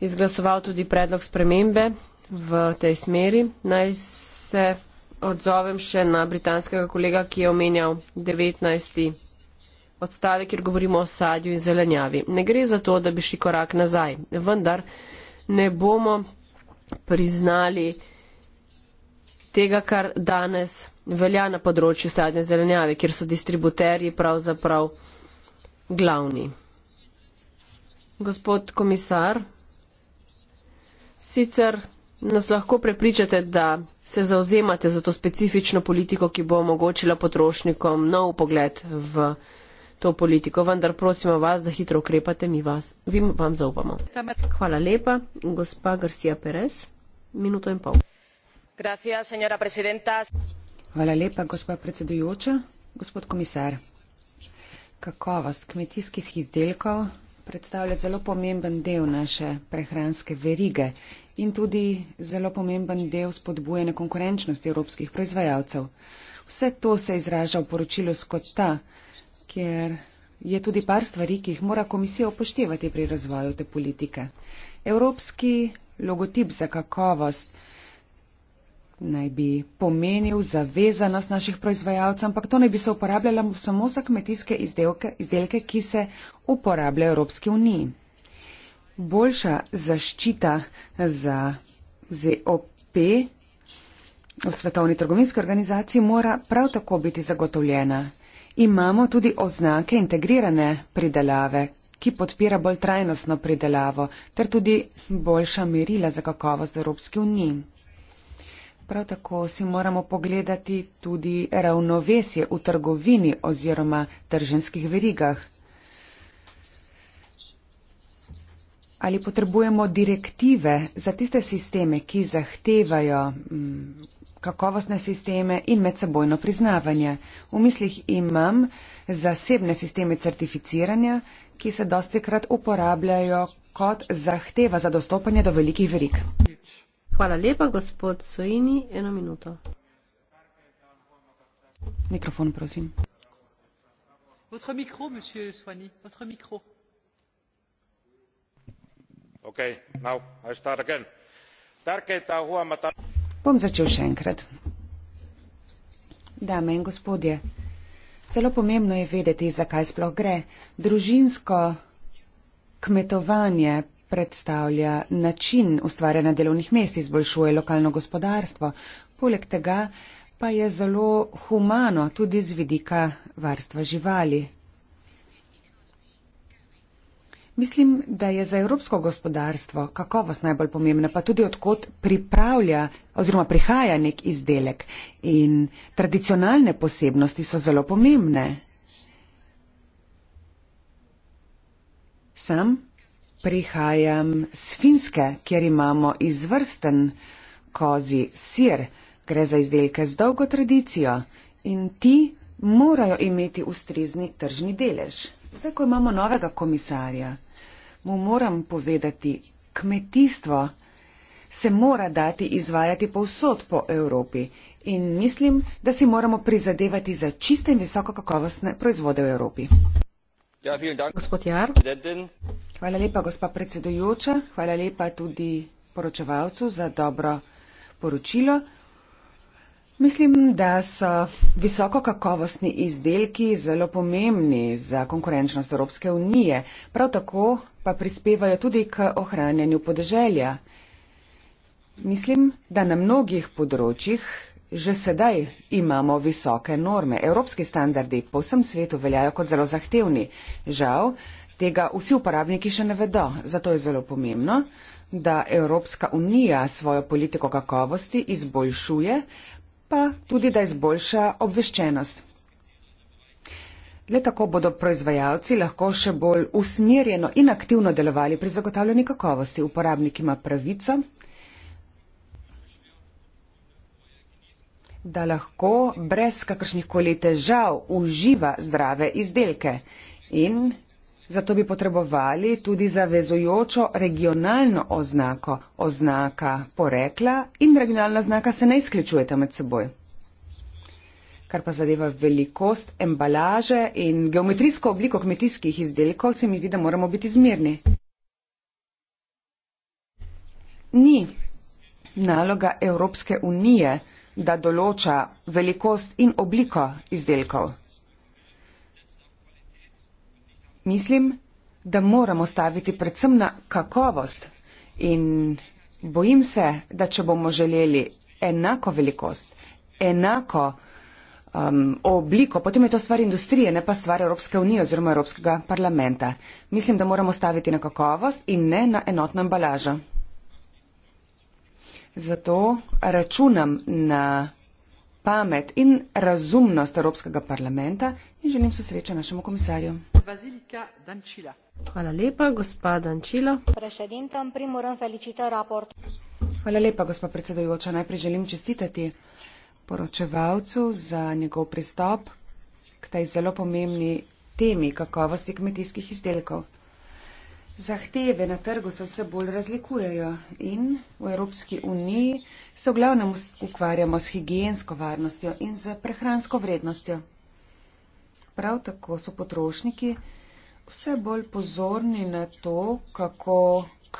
izglasoval tudi predlog spremembe v tej smeri. Naj se odzovem še na britanskega kolega, ki je omenjal 19. odstavek, kjer govorimo o sadju in zelenjavi. Ne gre za to, da bi šli korak nazaj, vendar ne bomo priznali tega, kar danes velja na področju sadne zelenjave, kjer so distributerji pravzaprav glavni. Gospod komisar, sicer nas lahko prepričate, da se zauzemate za to specifično politiko, ki bo omogočila potrošnikom nov pogled v to politiko. Vendar prosimo vas, da hitro ukrepate, mi vas, vim, vam zaupamo. Hvala lepa, gospa Garcia Perez. Minuto in pol. Gracias, Hvala lepa, gospa predsedujoča. Gospod komisar, kakovost kmetijskih izdelkov predstavlja zelo pomemben del naše prehranske verige in tudi zelo pomemben del spodbujene konkurenčnosti evropskih proizvajalcev. Vse to se izraža v poročilu Skotta, kjer je tudi par stvari, ki jih mora komisija upoštevati pri razvoju te politike. Evropski logotip za kakovost naj bi pomenil zavezanost naših proizvajalcev, ampak to naj bi se uporabljalo samo za kmetijske izdelke, izdelke ki se uporabljajo v Evropski uniji boljša zaščita za ZOP v svetovni trgovinski organizaciji mora prav tako biti zagotovljena. Imamo tudi oznake integrirane pridelave, ki podpira bolj trajnostno pridelavo, ter tudi boljša merila za kakovost Evropske unije. Prav tako si moramo pogledati tudi ravnovesje v trgovini oziroma trženskih verigah. ali potrebujemo direktive za tiste sisteme, ki zahtevajo mm, kakovostne sisteme in medsebojno priznavanje. V mislih imam zasebne sisteme certificiranja, ki se dosti krat uporabljajo kot zahteva za dostopanje do velikih verik. Hvala lepa, gospod Sojini, eno minuto. Mikrofon, prosim. Votre micro, monsieur Soigny, votre micro tärkeintä on huomata. bom začel še enkrat. Dame in gospodje, zelo pomembno je vedeti, zakaj sploh gre. Družinsko kmetovanje predstavlja način ustvarjanja delovnih mest, izboljšuje lokalno gospodarstvo. Poleg tega pa je zelo humano tudi z vidika varstva živali. Mislim, da je za evropsko gospodarstvo kakovost najbolj pomembna, pa tudi odkot pripravlja oziroma prihaja nek izdelek. In tradicionalne posebnosti so zelo pomembne. Sam prihajam z Finske, kjer imamo izvrsten kozi sir. Gre za izdelke z dolgo tradicijo in ti morajo imeti ustrezni tržni delež. Zdaj, ko imamo novega komisarja, mu moram povedati, kmetijstvo se mora dati izvajati povsod po Evropi in mislim, da si moramo prizadevati za čiste in visokokakovostne proizvode v Evropi. Ja, gospod Jar. Hvala lepa, gospa predsedujoča. Hvala lepa tudi poročevalcu za dobro poročilo. Mislim, da so visokokakovostni izdelki zelo pomembni za konkurenčnost Evropske unije. Prav tako pa prispevajo tudi k ohranjanju podeželja. Mislim, da na mnogih področjih že sedaj imamo visoke norme. Evropski standardi po vsem svetu veljajo kot zelo zahtevni. Žal, tega vsi uporabniki še ne vedo. Zato je zelo pomembno, da Evropska unija svojo politiko kakovosti izboljšuje, pa tudi da izboljša obveščenost. Le tako bodo proizvajalci lahko še bolj usmerjeno in aktivno delovali pri zagotavljanju kakovosti. Uporabnik ima pravico, da lahko brez kakršnih koli težav uživa zdrave izdelke in zato bi potrebovali tudi zavezujočo regionalno oznako, oznaka porekla in regionalna oznaka se ne izključujeta med seboj. Kar pa zadeva velikost embalaže in geometrijsko obliko kmetijskih izdelkov, se mi zdi, da moramo biti zmirni. Ni naloga Evropske unije, da določa velikost in obliko izdelkov. Mislim, da moramo staviti predvsem na kakovost in bojim se, da če bomo želeli enako velikost, enako velikost, um, obliko, potem je to stvar industrije, ne pa stvar Evropske unije oziroma Evropskega parlamenta. Mislim, da moramo staviti na kakovost in ne na enotno embalažo. Zato računam na pamet in razumnost Evropskega parlamenta in želim se sreče našemu komisarju. Hvala lepa, gospa Dančila. Hvala lepa, gospa predsedujoča. Najprej želim čestitati poročevalcu za njegov pristop k tej zelo pomembni temi kakovosti kmetijskih izdelkov. Zahteve na trgu se vse bolj razlikujejo in v Evropski uniji se v glavnem ukvarjamo s higijensko varnostjo in z prehransko vrednostjo. Prav tako so potrošniki vse bolj pozorni na to, kako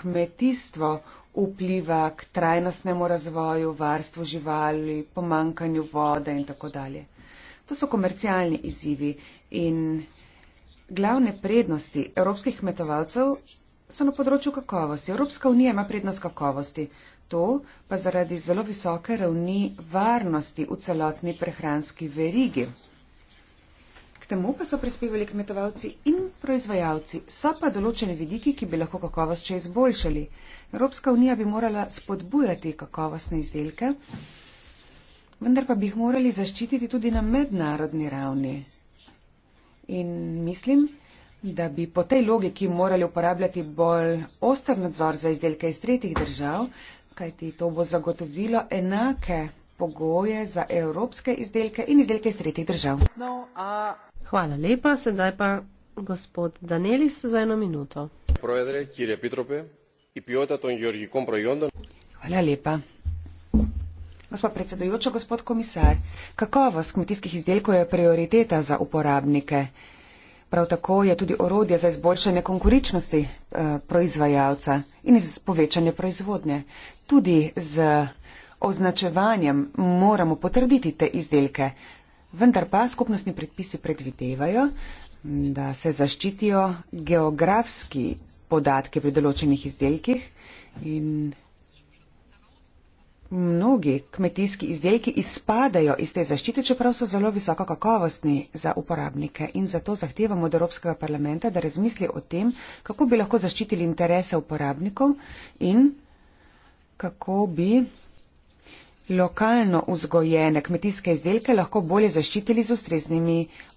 kmetijstvo vpliva k trajnostnemu razvoju, varstvu živali, pomankanju vode in tako dalje. To so komercialni izzivi in glavne prednosti evropskih kmetovalcev so na področju kakovosti. Evropska unija ima prednost kakovosti. To pa zaradi zelo visoke ravni varnosti v celotni prehranski verigi temu pa so prispevali kmetovalci in proizvajalci. So pa določene vidiki, ki bi lahko kakovost še izboljšali. Evropska unija bi morala spodbujati kakovostne izdelke, vendar pa bi jih morali zaščititi tudi na mednarodni ravni. In mislim, da bi po tej logiki morali uporabljati bolj oster nadzor za izdelke iz tretjih držav, kajti to bo zagotovilo enake pogoje za evropske izdelke in izdelke iz tretjih držav. No, uh... Hvala lepa, sedaj pa gospod Danelis za eno minuto. Hvala lepa. Gospod predsedujoča, gospod komisar, kakovost kmetijskih izdelkov je prioriteta za uporabnike. Prav tako je tudi orodje za izboljšanje konkurenčnosti eh, proizvajalca in iz povečanja proizvodnje. Tudi z označevanjem moramo potrditi te izdelke vendar pa skupnostni predpisi predvidevajo, da se zaščitijo geografski podatki pri določenih izdelkih in mnogi kmetijski izdelki izpadajo iz te zaščite, čeprav so zelo visoko kakovostni za uporabnike in zato zahtevamo od Evropskega parlamenta, da razmisli o tem, kako bi lahko zaščitili interese uporabnikov in kako bi lokalno vzgojene kmetijske izdelke lahko bolje zaščitili z ustreznimi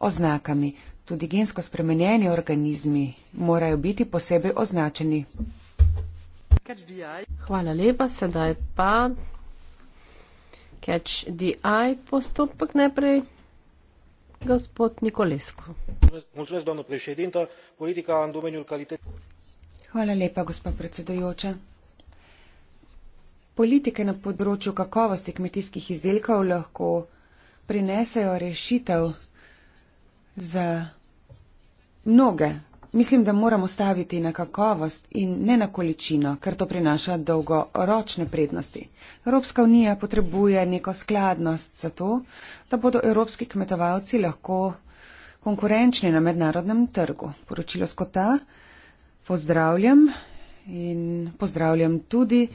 oznakami. Tudi gensko spremenjeni organizmi morajo biti posebej označeni. Hvala lepa, sedaj pa catch the eye postopek najprej. Gospod Nikolesko. Hvala lepa, gospod predsedujoča politike na področju kakovosti kmetijskih izdelkov lahko prinesejo rešitev za mnoge. Mislim, da moramo staviti na kakovost in ne na količino, ker to prinaša dolgoročne prednosti. Evropska unija potrebuje neko skladnost za to, da bodo evropski kmetovalci lahko konkurenčni na mednarodnem trgu. Poročilo skota pozdravljam in pozdravljam tudi.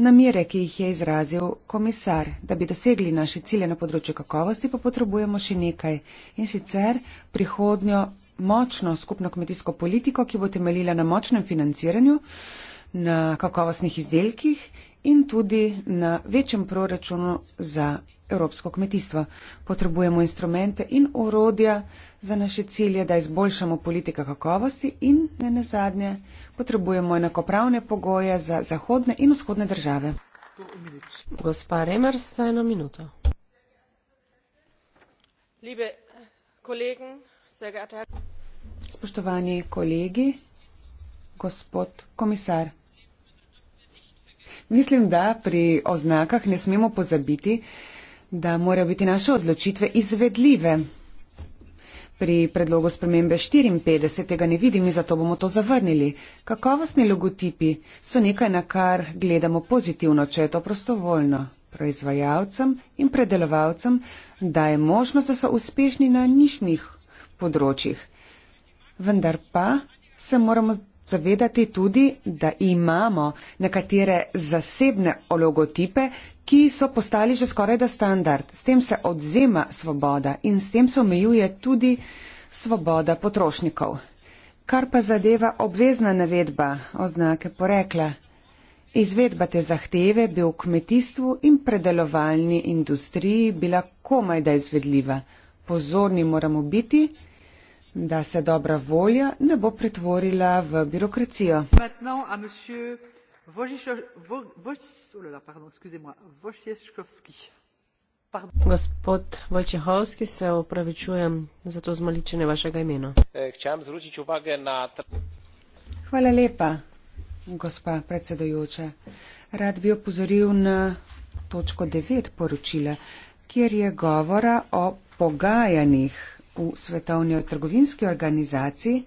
Namere, ki jih je izrazil komisar, da bi dosegli naše cilje na področju kakovosti, pa potrebujemo še nekaj in sicer prihodnjo močno skupno kmetijsko politiko, ki bo temeljila na močnem financiranju, na kakovostnih izdelkih in tudi na večjem proračunu za evropsko kmetijstvo. Potrebujemo instrumente in urodja za naše cilje, da izboljšamo politika kakovosti in ne nazadnje potrebujemo enakopravne pogoje za zahodne in vzhodne države. Gospa Remer, za eno minuto. Liebe kolegen, Spoštovani kolegi, gospod komisar. Mislim, da pri oznakah ne smemo pozabiti, da morajo biti naše odločitve izvedljive. Pri predlogu spremembe 54. ne vidim in zato bomo to zavrnili. Kakovostni logotipi so nekaj, na kar gledamo pozitivno, če je to prostovoljno. Proizvajalcem in predelovalcem daje možnost, da so uspešni na nišnih področjih. Vendar pa se moramo zavedati tudi, da imamo nekatere zasebne logotipe, ki so postali že skoraj da standard. S tem se odzema svoboda in s tem se omejuje tudi svoboda potrošnikov. Kar pa zadeva obvezna navedba oznake porekla. Izvedba te zahteve bi v kmetijstvu in predelovalni industriji bila komaj da izvedljiva. Pozorni moramo biti, da se dobra volja ne bo pretvorila v birokracijo. Oh Gospod Vojčehovski, se opravičujem za to zmaličenje vašega imena. Eh, Hvala lepa, gospa predsedojoča. Rad bi opozoril na točko 9 poročila, kjer je govora o pogajanjih v Svetovni trgovinski organizaciji,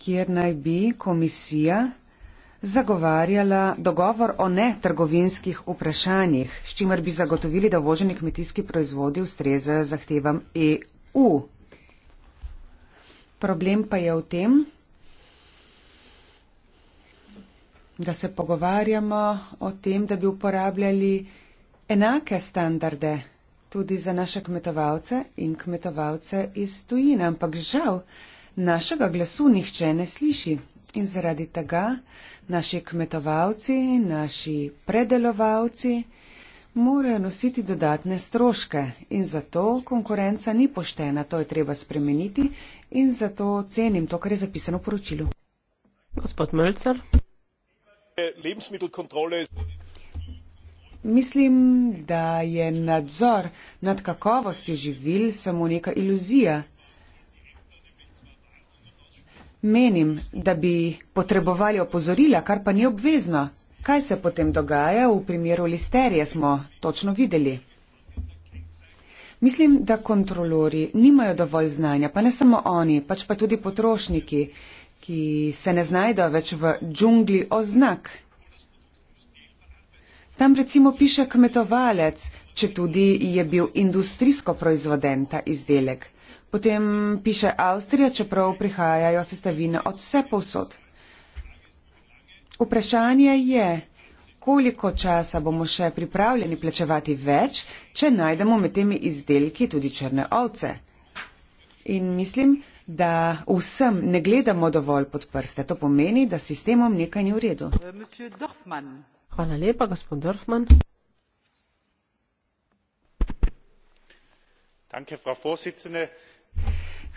kjer naj bi komisija zagovarjala dogovor o netrgovinskih vprašanjih, s čimer bi zagotovili, da voženi kmetijski proizvodi ustrezajo zahtevam EU. Problem pa je v tem, da se pogovarjamo o tem, da bi uporabljali enake standarde tudi za naše kmetovalce in kmetovalce iz tujine, ampak žal našega glasu nihče ne sliši. In zaradi tega naši kmetovalci, naši predelovalci morajo nositi dodatne stroške in zato konkurenca ni poštena, to je treba spremeniti in zato cenim to, kar je zapisano v poročilu. Gospod Mölcer. Mislim, da je nadzor nad kakovosti živil samo neka iluzija. Menim, da bi potrebovali opozorila, kar pa ni obvezno. Kaj se potem dogaja v primeru listerije, smo točno videli. Mislim, da kontrolori nimajo dovolj znanja, pa ne samo oni, pač pa tudi potrošniki, ki se ne znajdejo več v džungli oznak. Tam recimo piše kmetovalec, če tudi je bil industrijsko proizvoden ta izdelek. Potem piše Avstrija, čeprav prihajajo sestavine od vse povsod. Vprašanje je, koliko časa bomo še pripravljeni plačevati več, če najdemo med temi izdelki tudi črne ovce. In mislim, da vsem ne gledamo dovolj pod prste. To pomeni, da s sistemom nekaj ni v redu. Hvala lepa, gospod Dorfman.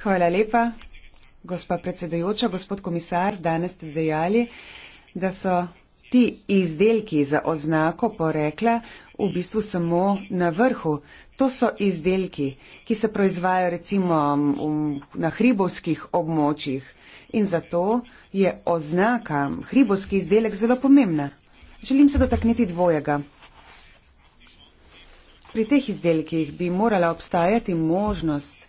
Hvala lepa, gospa predsedujoča, gospod komisar, danes ste dejali, da so ti izdelki za oznako porekla v bistvu samo na vrhu. To so izdelki, ki se proizvajajo recimo na hribovskih območjih in zato je oznaka hribovski izdelek zelo pomembna. Želim se dotakniti dvojega. Pri teh izdelkih bi morala obstajati možnost,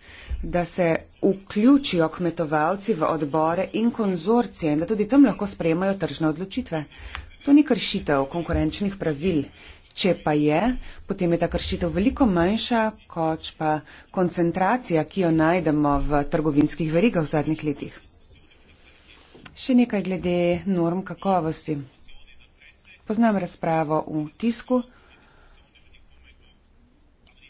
da se vključijo kmetovalci v odbore in konzorcije in da tudi tam lahko sprejemajo tržne odločitve. To ni kršitev konkurenčnih pravil. Če pa je, potem je ta kršitev veliko manjša, kot pa koncentracija, ki jo najdemo v trgovinskih verigah v zadnjih letih. Še nekaj glede norm kakovosti poznam razpravo v tisku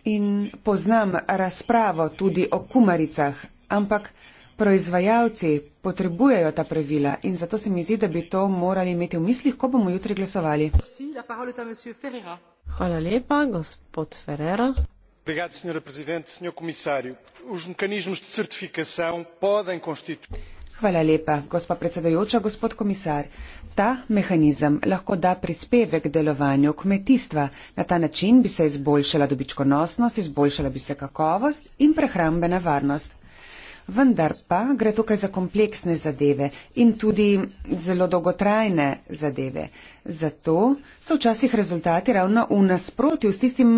in poznam razpravo tudi o kumaricah, ampak proizvajalci potrebujejo ta pravila in zato se mi zdi, da bi to morali imeti v mislih, ko bomo jutri glasovali. Hvala lepa, gospod Ferrera. Obrigado, senhora presidente, senhor comissário. Os mecanismos de certificação podem constituir. Hvala lepa, gospa predsedojoča, gospod komisar. Ta mehanizem lahko da prispevek delovanju kmetijstva. Na ta način bi se izboljšala dobičkonosnost, izboljšala bi se kakovost in prehrambena varnost. Vendar pa gre tukaj za kompleksne zadeve in tudi zelo dolgotrajne zadeve. Zato so včasih rezultati ravno v nasprotju s tistim,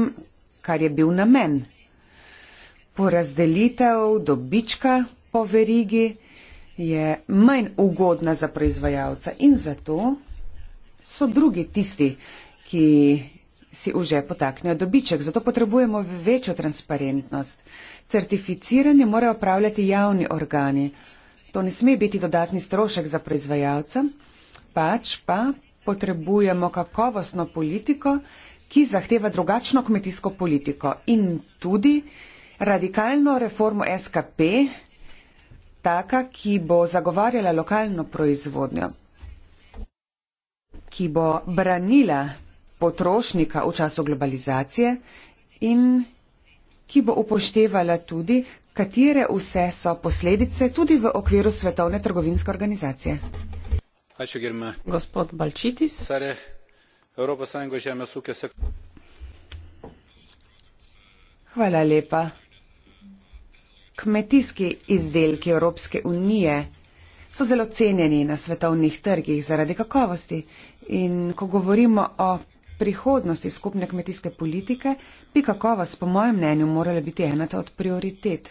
kar je bil namen. Porazdelitev dobička po verigi je manj ugodna za proizvajalca in zato so drugi tisti, ki si v žep potaknejo dobiček. Zato potrebujemo večjo transparentnost. Certificiranje morajo upravljati javni organi. To ne sme biti dodatni strošek za proizvajalca, pač pa potrebujemo kakovostno politiko, ki zahteva drugačno kmetijsko politiko in tudi radikalno reformo SKP, taka, ki bo zagovarjala lokalno proizvodnjo, ki bo branila potrošnika v času globalizacije in ki bo upoštevala tudi, katere vse so posledice tudi v okviru Svetovne trgovinske organizacije. Gospod Balčitis. Hvala lepa kmetijski izdelki Evropske unije so zelo cenjeni na svetovnih trgih zaradi kakovosti in ko govorimo o prihodnosti skupne kmetijske politike, bi kakovost po mojem mnenju morala biti ena od prioritet.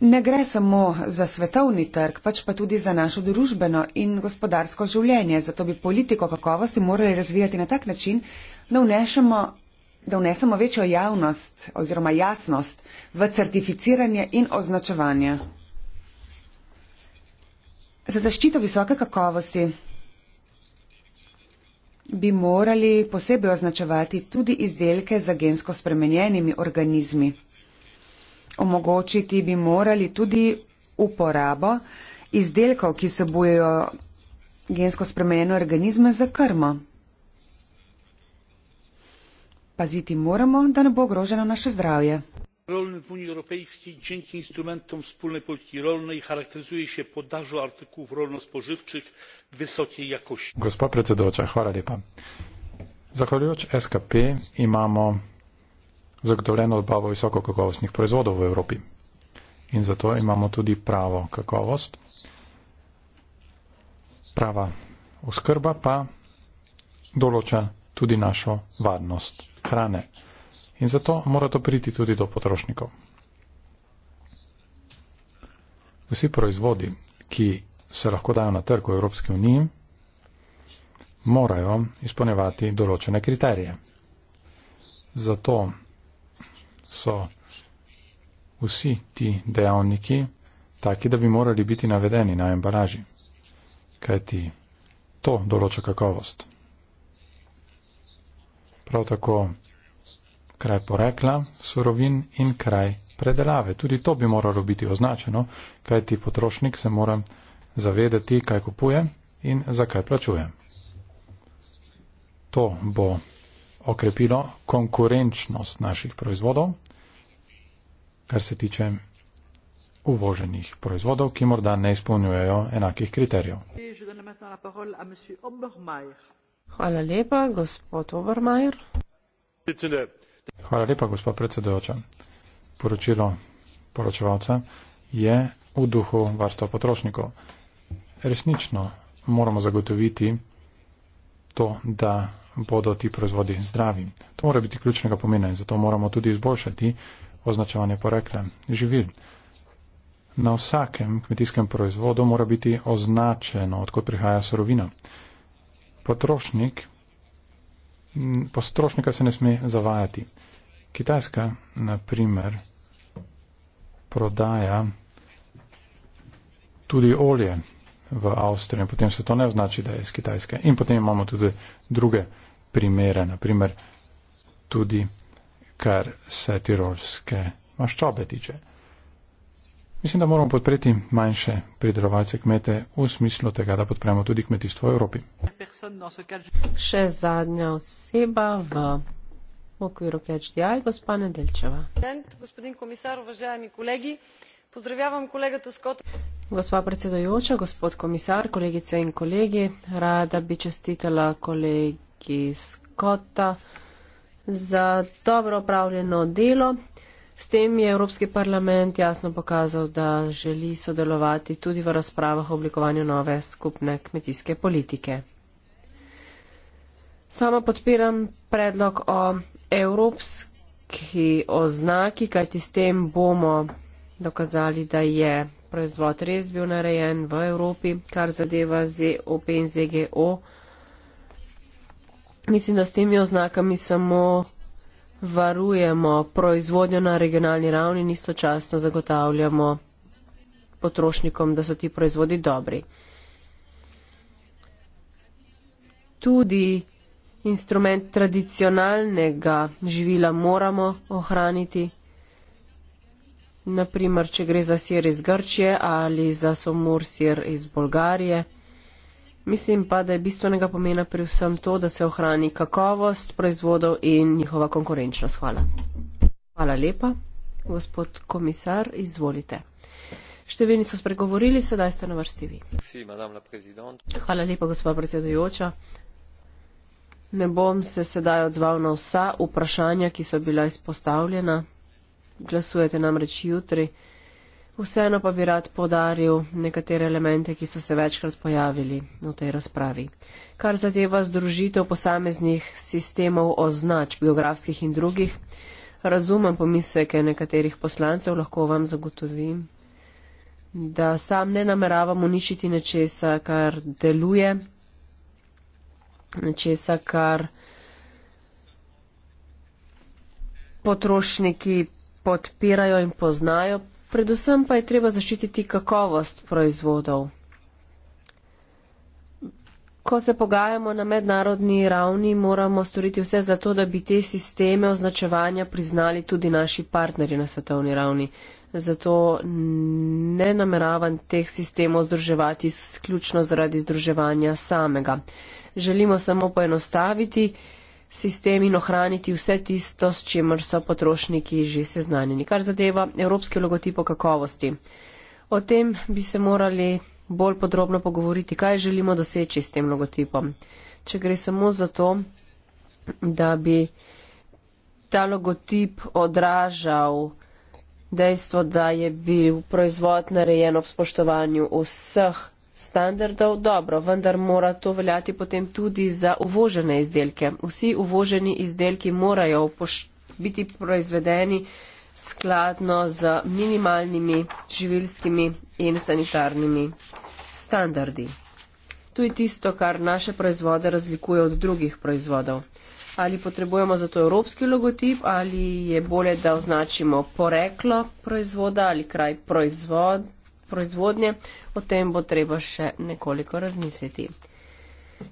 Ne gre samo za svetovni trg, pač pa tudi za našo družbeno in gospodarsko življenje, zato bi politiko kakovosti morali razvijati na tak način, da vnešamo da vnesemo večjo javnost oziroma jasnost v certificiranje in označevanje. Za zaščito visoke kakovosti bi morali posebej označevati tudi izdelke za gensko spremenjenimi organizmi. Omogočiti bi morali tudi uporabo izdelkov, ki se bojo gensko spremenjeno organizme za krmo, paziti moramo, da ne bo ogroženo naše zdravje. Rolny w Unii Europejskiej dzięki instrumentom wspólnej polityki rolnej charakteryzuje się podażą artykułów rolno-spożywczych wysokiej jakości. Gospod predsedujoča, hvala lepa. Zahvaljujoč SKP imamo zagotovljeno odbavo visoko kakovostnih proizvodov v Evropi. In zato imamo tudi pravo kakovost. Prava oskrba pa določa tudi našo varnost hrane. In zato mora to priti tudi do potrošnikov. Vsi proizvodi, ki se lahko dajo na trg v Evropski uniji, morajo izpolnjevati določene kriterije. Zato so vsi ti dejavniki taki, da bi morali biti navedeni na embalaži, kajti to določa kakovost prav tako kraj porekla surovin in kraj predelave. Tudi to bi moralo biti označeno, kaj ti potrošnik se mora zavedati, kaj kupuje in zakaj plačuje. To bo okrepilo konkurenčnost naših proizvodov, kar se tiče uvoženih proizvodov, ki morda ne izpolnjujejo enakih kriterijev. Hvala lepa, gospod Obermajer. Hvala lepa, gospod predsedojoča. Poročilo poročevalca je v duhu varstva potrošnikov. Resnično moramo zagotoviti to, da bodo ti proizvodi zdravi. To mora biti ključnega pomena in zato moramo tudi izboljšati označevanje porekla živil. Na vsakem kmetijskem proizvodu mora biti označeno, odkot prihaja sorovina potrošnik, potrošnika se ne sme zavajati. Kitajska, na primer, prodaja tudi olje v Avstriji, potem se to ne označi, da je iz Kitajske. In potem imamo tudi druge primere, na primer tudi, kar se tirolske maščobe tiče. Mislim, da moramo podpreti manjše pridelovalce kmete v smislu tega, da podpremo tudi kmetijstvo v Evropi. Še zadnja oseba v okviru KHDI, gospa Nedelčeva. Gospodin komisar, uvaženi kolegi, pozdravljam kolegata Skota. Gospa predsedojoča, gospod komisar, kolegice in kolegi, rada bi čestitela kolegi Skota za dobro upravljeno delo. S tem je Evropski parlament jasno pokazal, da želi sodelovati tudi v razpravah o oblikovanju nove skupne kmetijske politike. Sama podpiram predlog o evropski oznaki, kajti s tem bomo dokazali, da je proizvod res bil narejen v Evropi, kar zadeva ZOP in ZGO. Mislim, da s temi oznakami samo varujemo proizvodnjo na regionalni ravni in istočasno zagotavljamo potrošnikom, da so ti proizvodi dobri. Tudi instrument tradicionalnega živila moramo ohraniti, naprimer, če gre za sir iz Grčije ali za somur sir iz Bolgarije. Mislim pa, da je bistvenega pomena pri vsem to, da se ohrani kakovost proizvodov in njihova konkurenčnost. Hvala. Hvala lepa. Gospod komisar, izvolite. Številni so spregovorili, sedaj ste na vrsti vi. Hvala lepa, gospod predsedujoča. Ne bom se sedaj odzval na vsa vprašanja, ki so bila izpostavljena. Glasujete namreč jutri. Vseeno pa bi rad podaril nekatere elemente, ki so se večkrat pojavili v tej razpravi. Kar zadeva združitev posameznih sistemov označb, geografskih in drugih, razumem pomisleke nekaterih poslancev, lahko vam zagotovim, da sam ne nameravam uničiti nečesa, kar deluje, nečesa, kar potrošniki podpirajo in poznajo Predvsem pa je treba zaščititi kakovost proizvodov. Ko se pogajamo na mednarodni ravni, moramo storiti vse za to, da bi te sisteme označevanja priznali tudi naši partnerji na svetovni ravni. Zato ne nameravam teh sistemov združevati sključno zaradi združevanja samega. Želimo samo poenostaviti sistem in ohraniti vse tisto, s čimer so potrošniki že seznanjeni, kar zadeva evropski logotip o kakovosti. O tem bi se morali bolj podrobno pogovoriti, kaj želimo doseči s tem logotipom. Če gre samo za to, da bi ta logotip odražal dejstvo, da je bil proizvod narejen ob spoštovanju vseh standardov, dobro, vendar mora to veljati potem tudi za uvožene izdelke. Vsi uvoženi izdelki morajo biti proizvedeni skladno z minimalnimi živilskimi in sanitarnimi standardi. To je tisto, kar naše proizvode razlikuje od drugih proizvodov. Ali potrebujemo za to evropski logotip, ali je bolje, da označimo poreklo proizvoda ali kraj proizvod, proizvodnje, o tem bo treba še nekoliko razmisliti.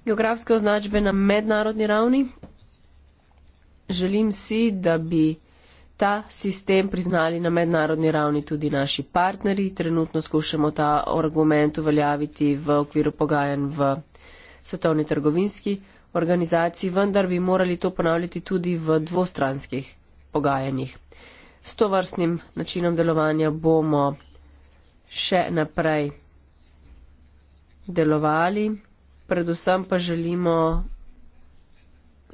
Geografske označbe na mednarodni ravni. Želim si, da bi ta sistem priznali na mednarodni ravni tudi naši partnerji. Trenutno skušamo ta argument uveljaviti v okviru pogajanj v svetovni trgovinski organizaciji, vendar bi morali to ponavljati tudi v dvostranskih pogajanjih. S to vrstnim načinom delovanja bomo še naprej delovali. Predvsem pa želimo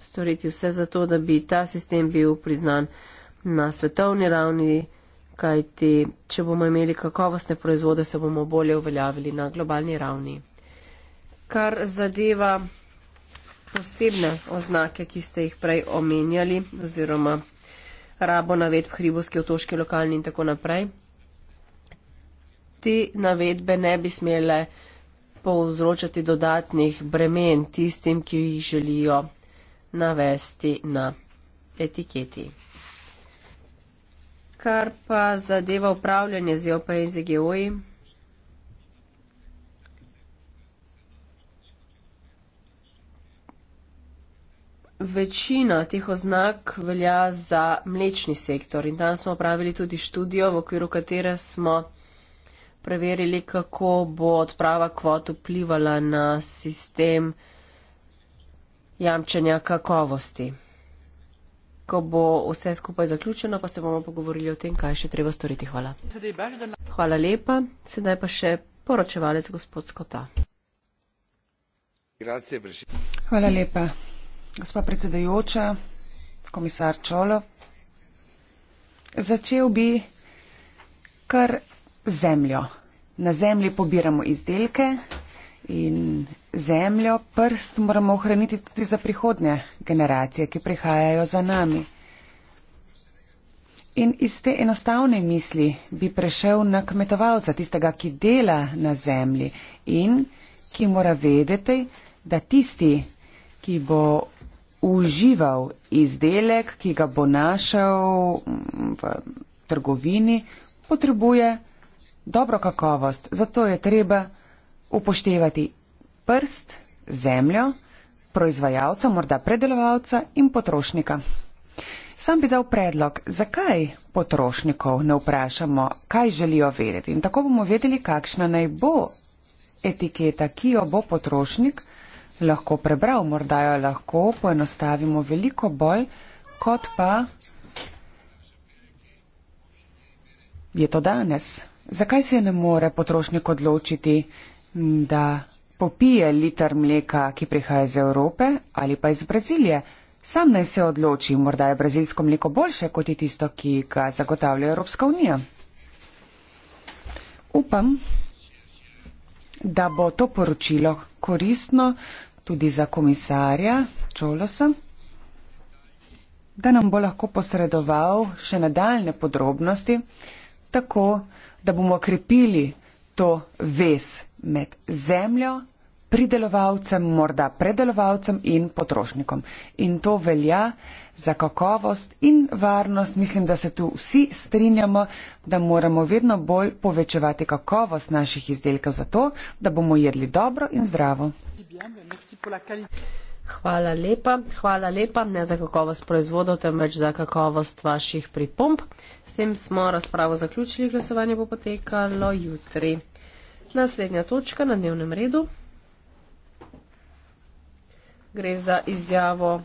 storiti vse za to, da bi ta sistem bil priznan na svetovni ravni, kajti če bomo imeli kakovostne proizvode, se bomo bolje uveljavili na globalni ravni. Kar zadeva posebne oznake, ki ste jih prej omenjali, oziroma rabo navedb hribovski, otoški, lokalni in tako naprej te navedbe ne bi smele povzročati dodatnih bremen tistim, ki jih želijo navesti na etiketi. Kar pa zadeva upravljanje z JOP-ji in ZGO-ji, Večina teh oznak velja za mlečni sektor in tam smo pravili tudi študijo, v okviru katere smo preverili, kako bo odprava kvot vplivala na sistem jamčanja kakovosti. Ko bo vse skupaj zaključeno, pa se bomo pogovorili o tem, kaj še treba storiti. Hvala. Hvala lepa. Sedaj pa še poročevalec gospod Skota. Hvala lepa. Gospa predsedajoča, komisar Čolo. Začel bi kar zemljo. Na zemlji pobiramo izdelke in zemljo, prst moramo ohraniti tudi za prihodnje generacije, ki prihajajo za nami. In iz te enostavne misli bi prešel na kmetovalca, tistega, ki dela na zemlji in ki mora vedeti, da tisti, ki bo užival izdelek, ki ga bo našel mm, v trgovini, potrebuje dobro kakovost, zato je treba upoštevati prst, zemljo, proizvajalca, morda predelovalca in potrošnika. Sam bi dal predlog, zakaj potrošnikov ne vprašamo, kaj želijo vedeti. In tako bomo vedeli, kakšna naj bo etiketa, ki jo bo potrošnik lahko prebral. Morda jo lahko poenostavimo veliko bolj, kot pa je to danes. Zakaj se ne more potrošnik odločiti, da popije liter mleka, ki prihaja iz Evrope ali pa iz Brazilije? Sam naj se odloči, morda je brazilsko mleko boljše kot je tisto, ki ga zagotavlja Evropska unija. Upam, da bo to poročilo koristno tudi za komisarja Čolosa, da nam bo lahko posredoval še nadaljne podrobnosti, tako da da bomo krepili to vez med zemljo, pridelovalcem, morda predelovalcem in potrošnikom. In to velja za kakovost in varnost. Mislim, da se tu vsi strinjamo, da moramo vedno bolj povečevati kakovost naših izdelkov zato, da bomo jedli dobro in zdravo. Bien, Hvala lepa. Hvala lepa ne za kakovost proizvodov, temveč za kakovost vaših pripomb. S tem smo razpravo zaključili, glasovanje bo potekalo jutri. Naslednja točka na dnevnem redu. Gre za izjavo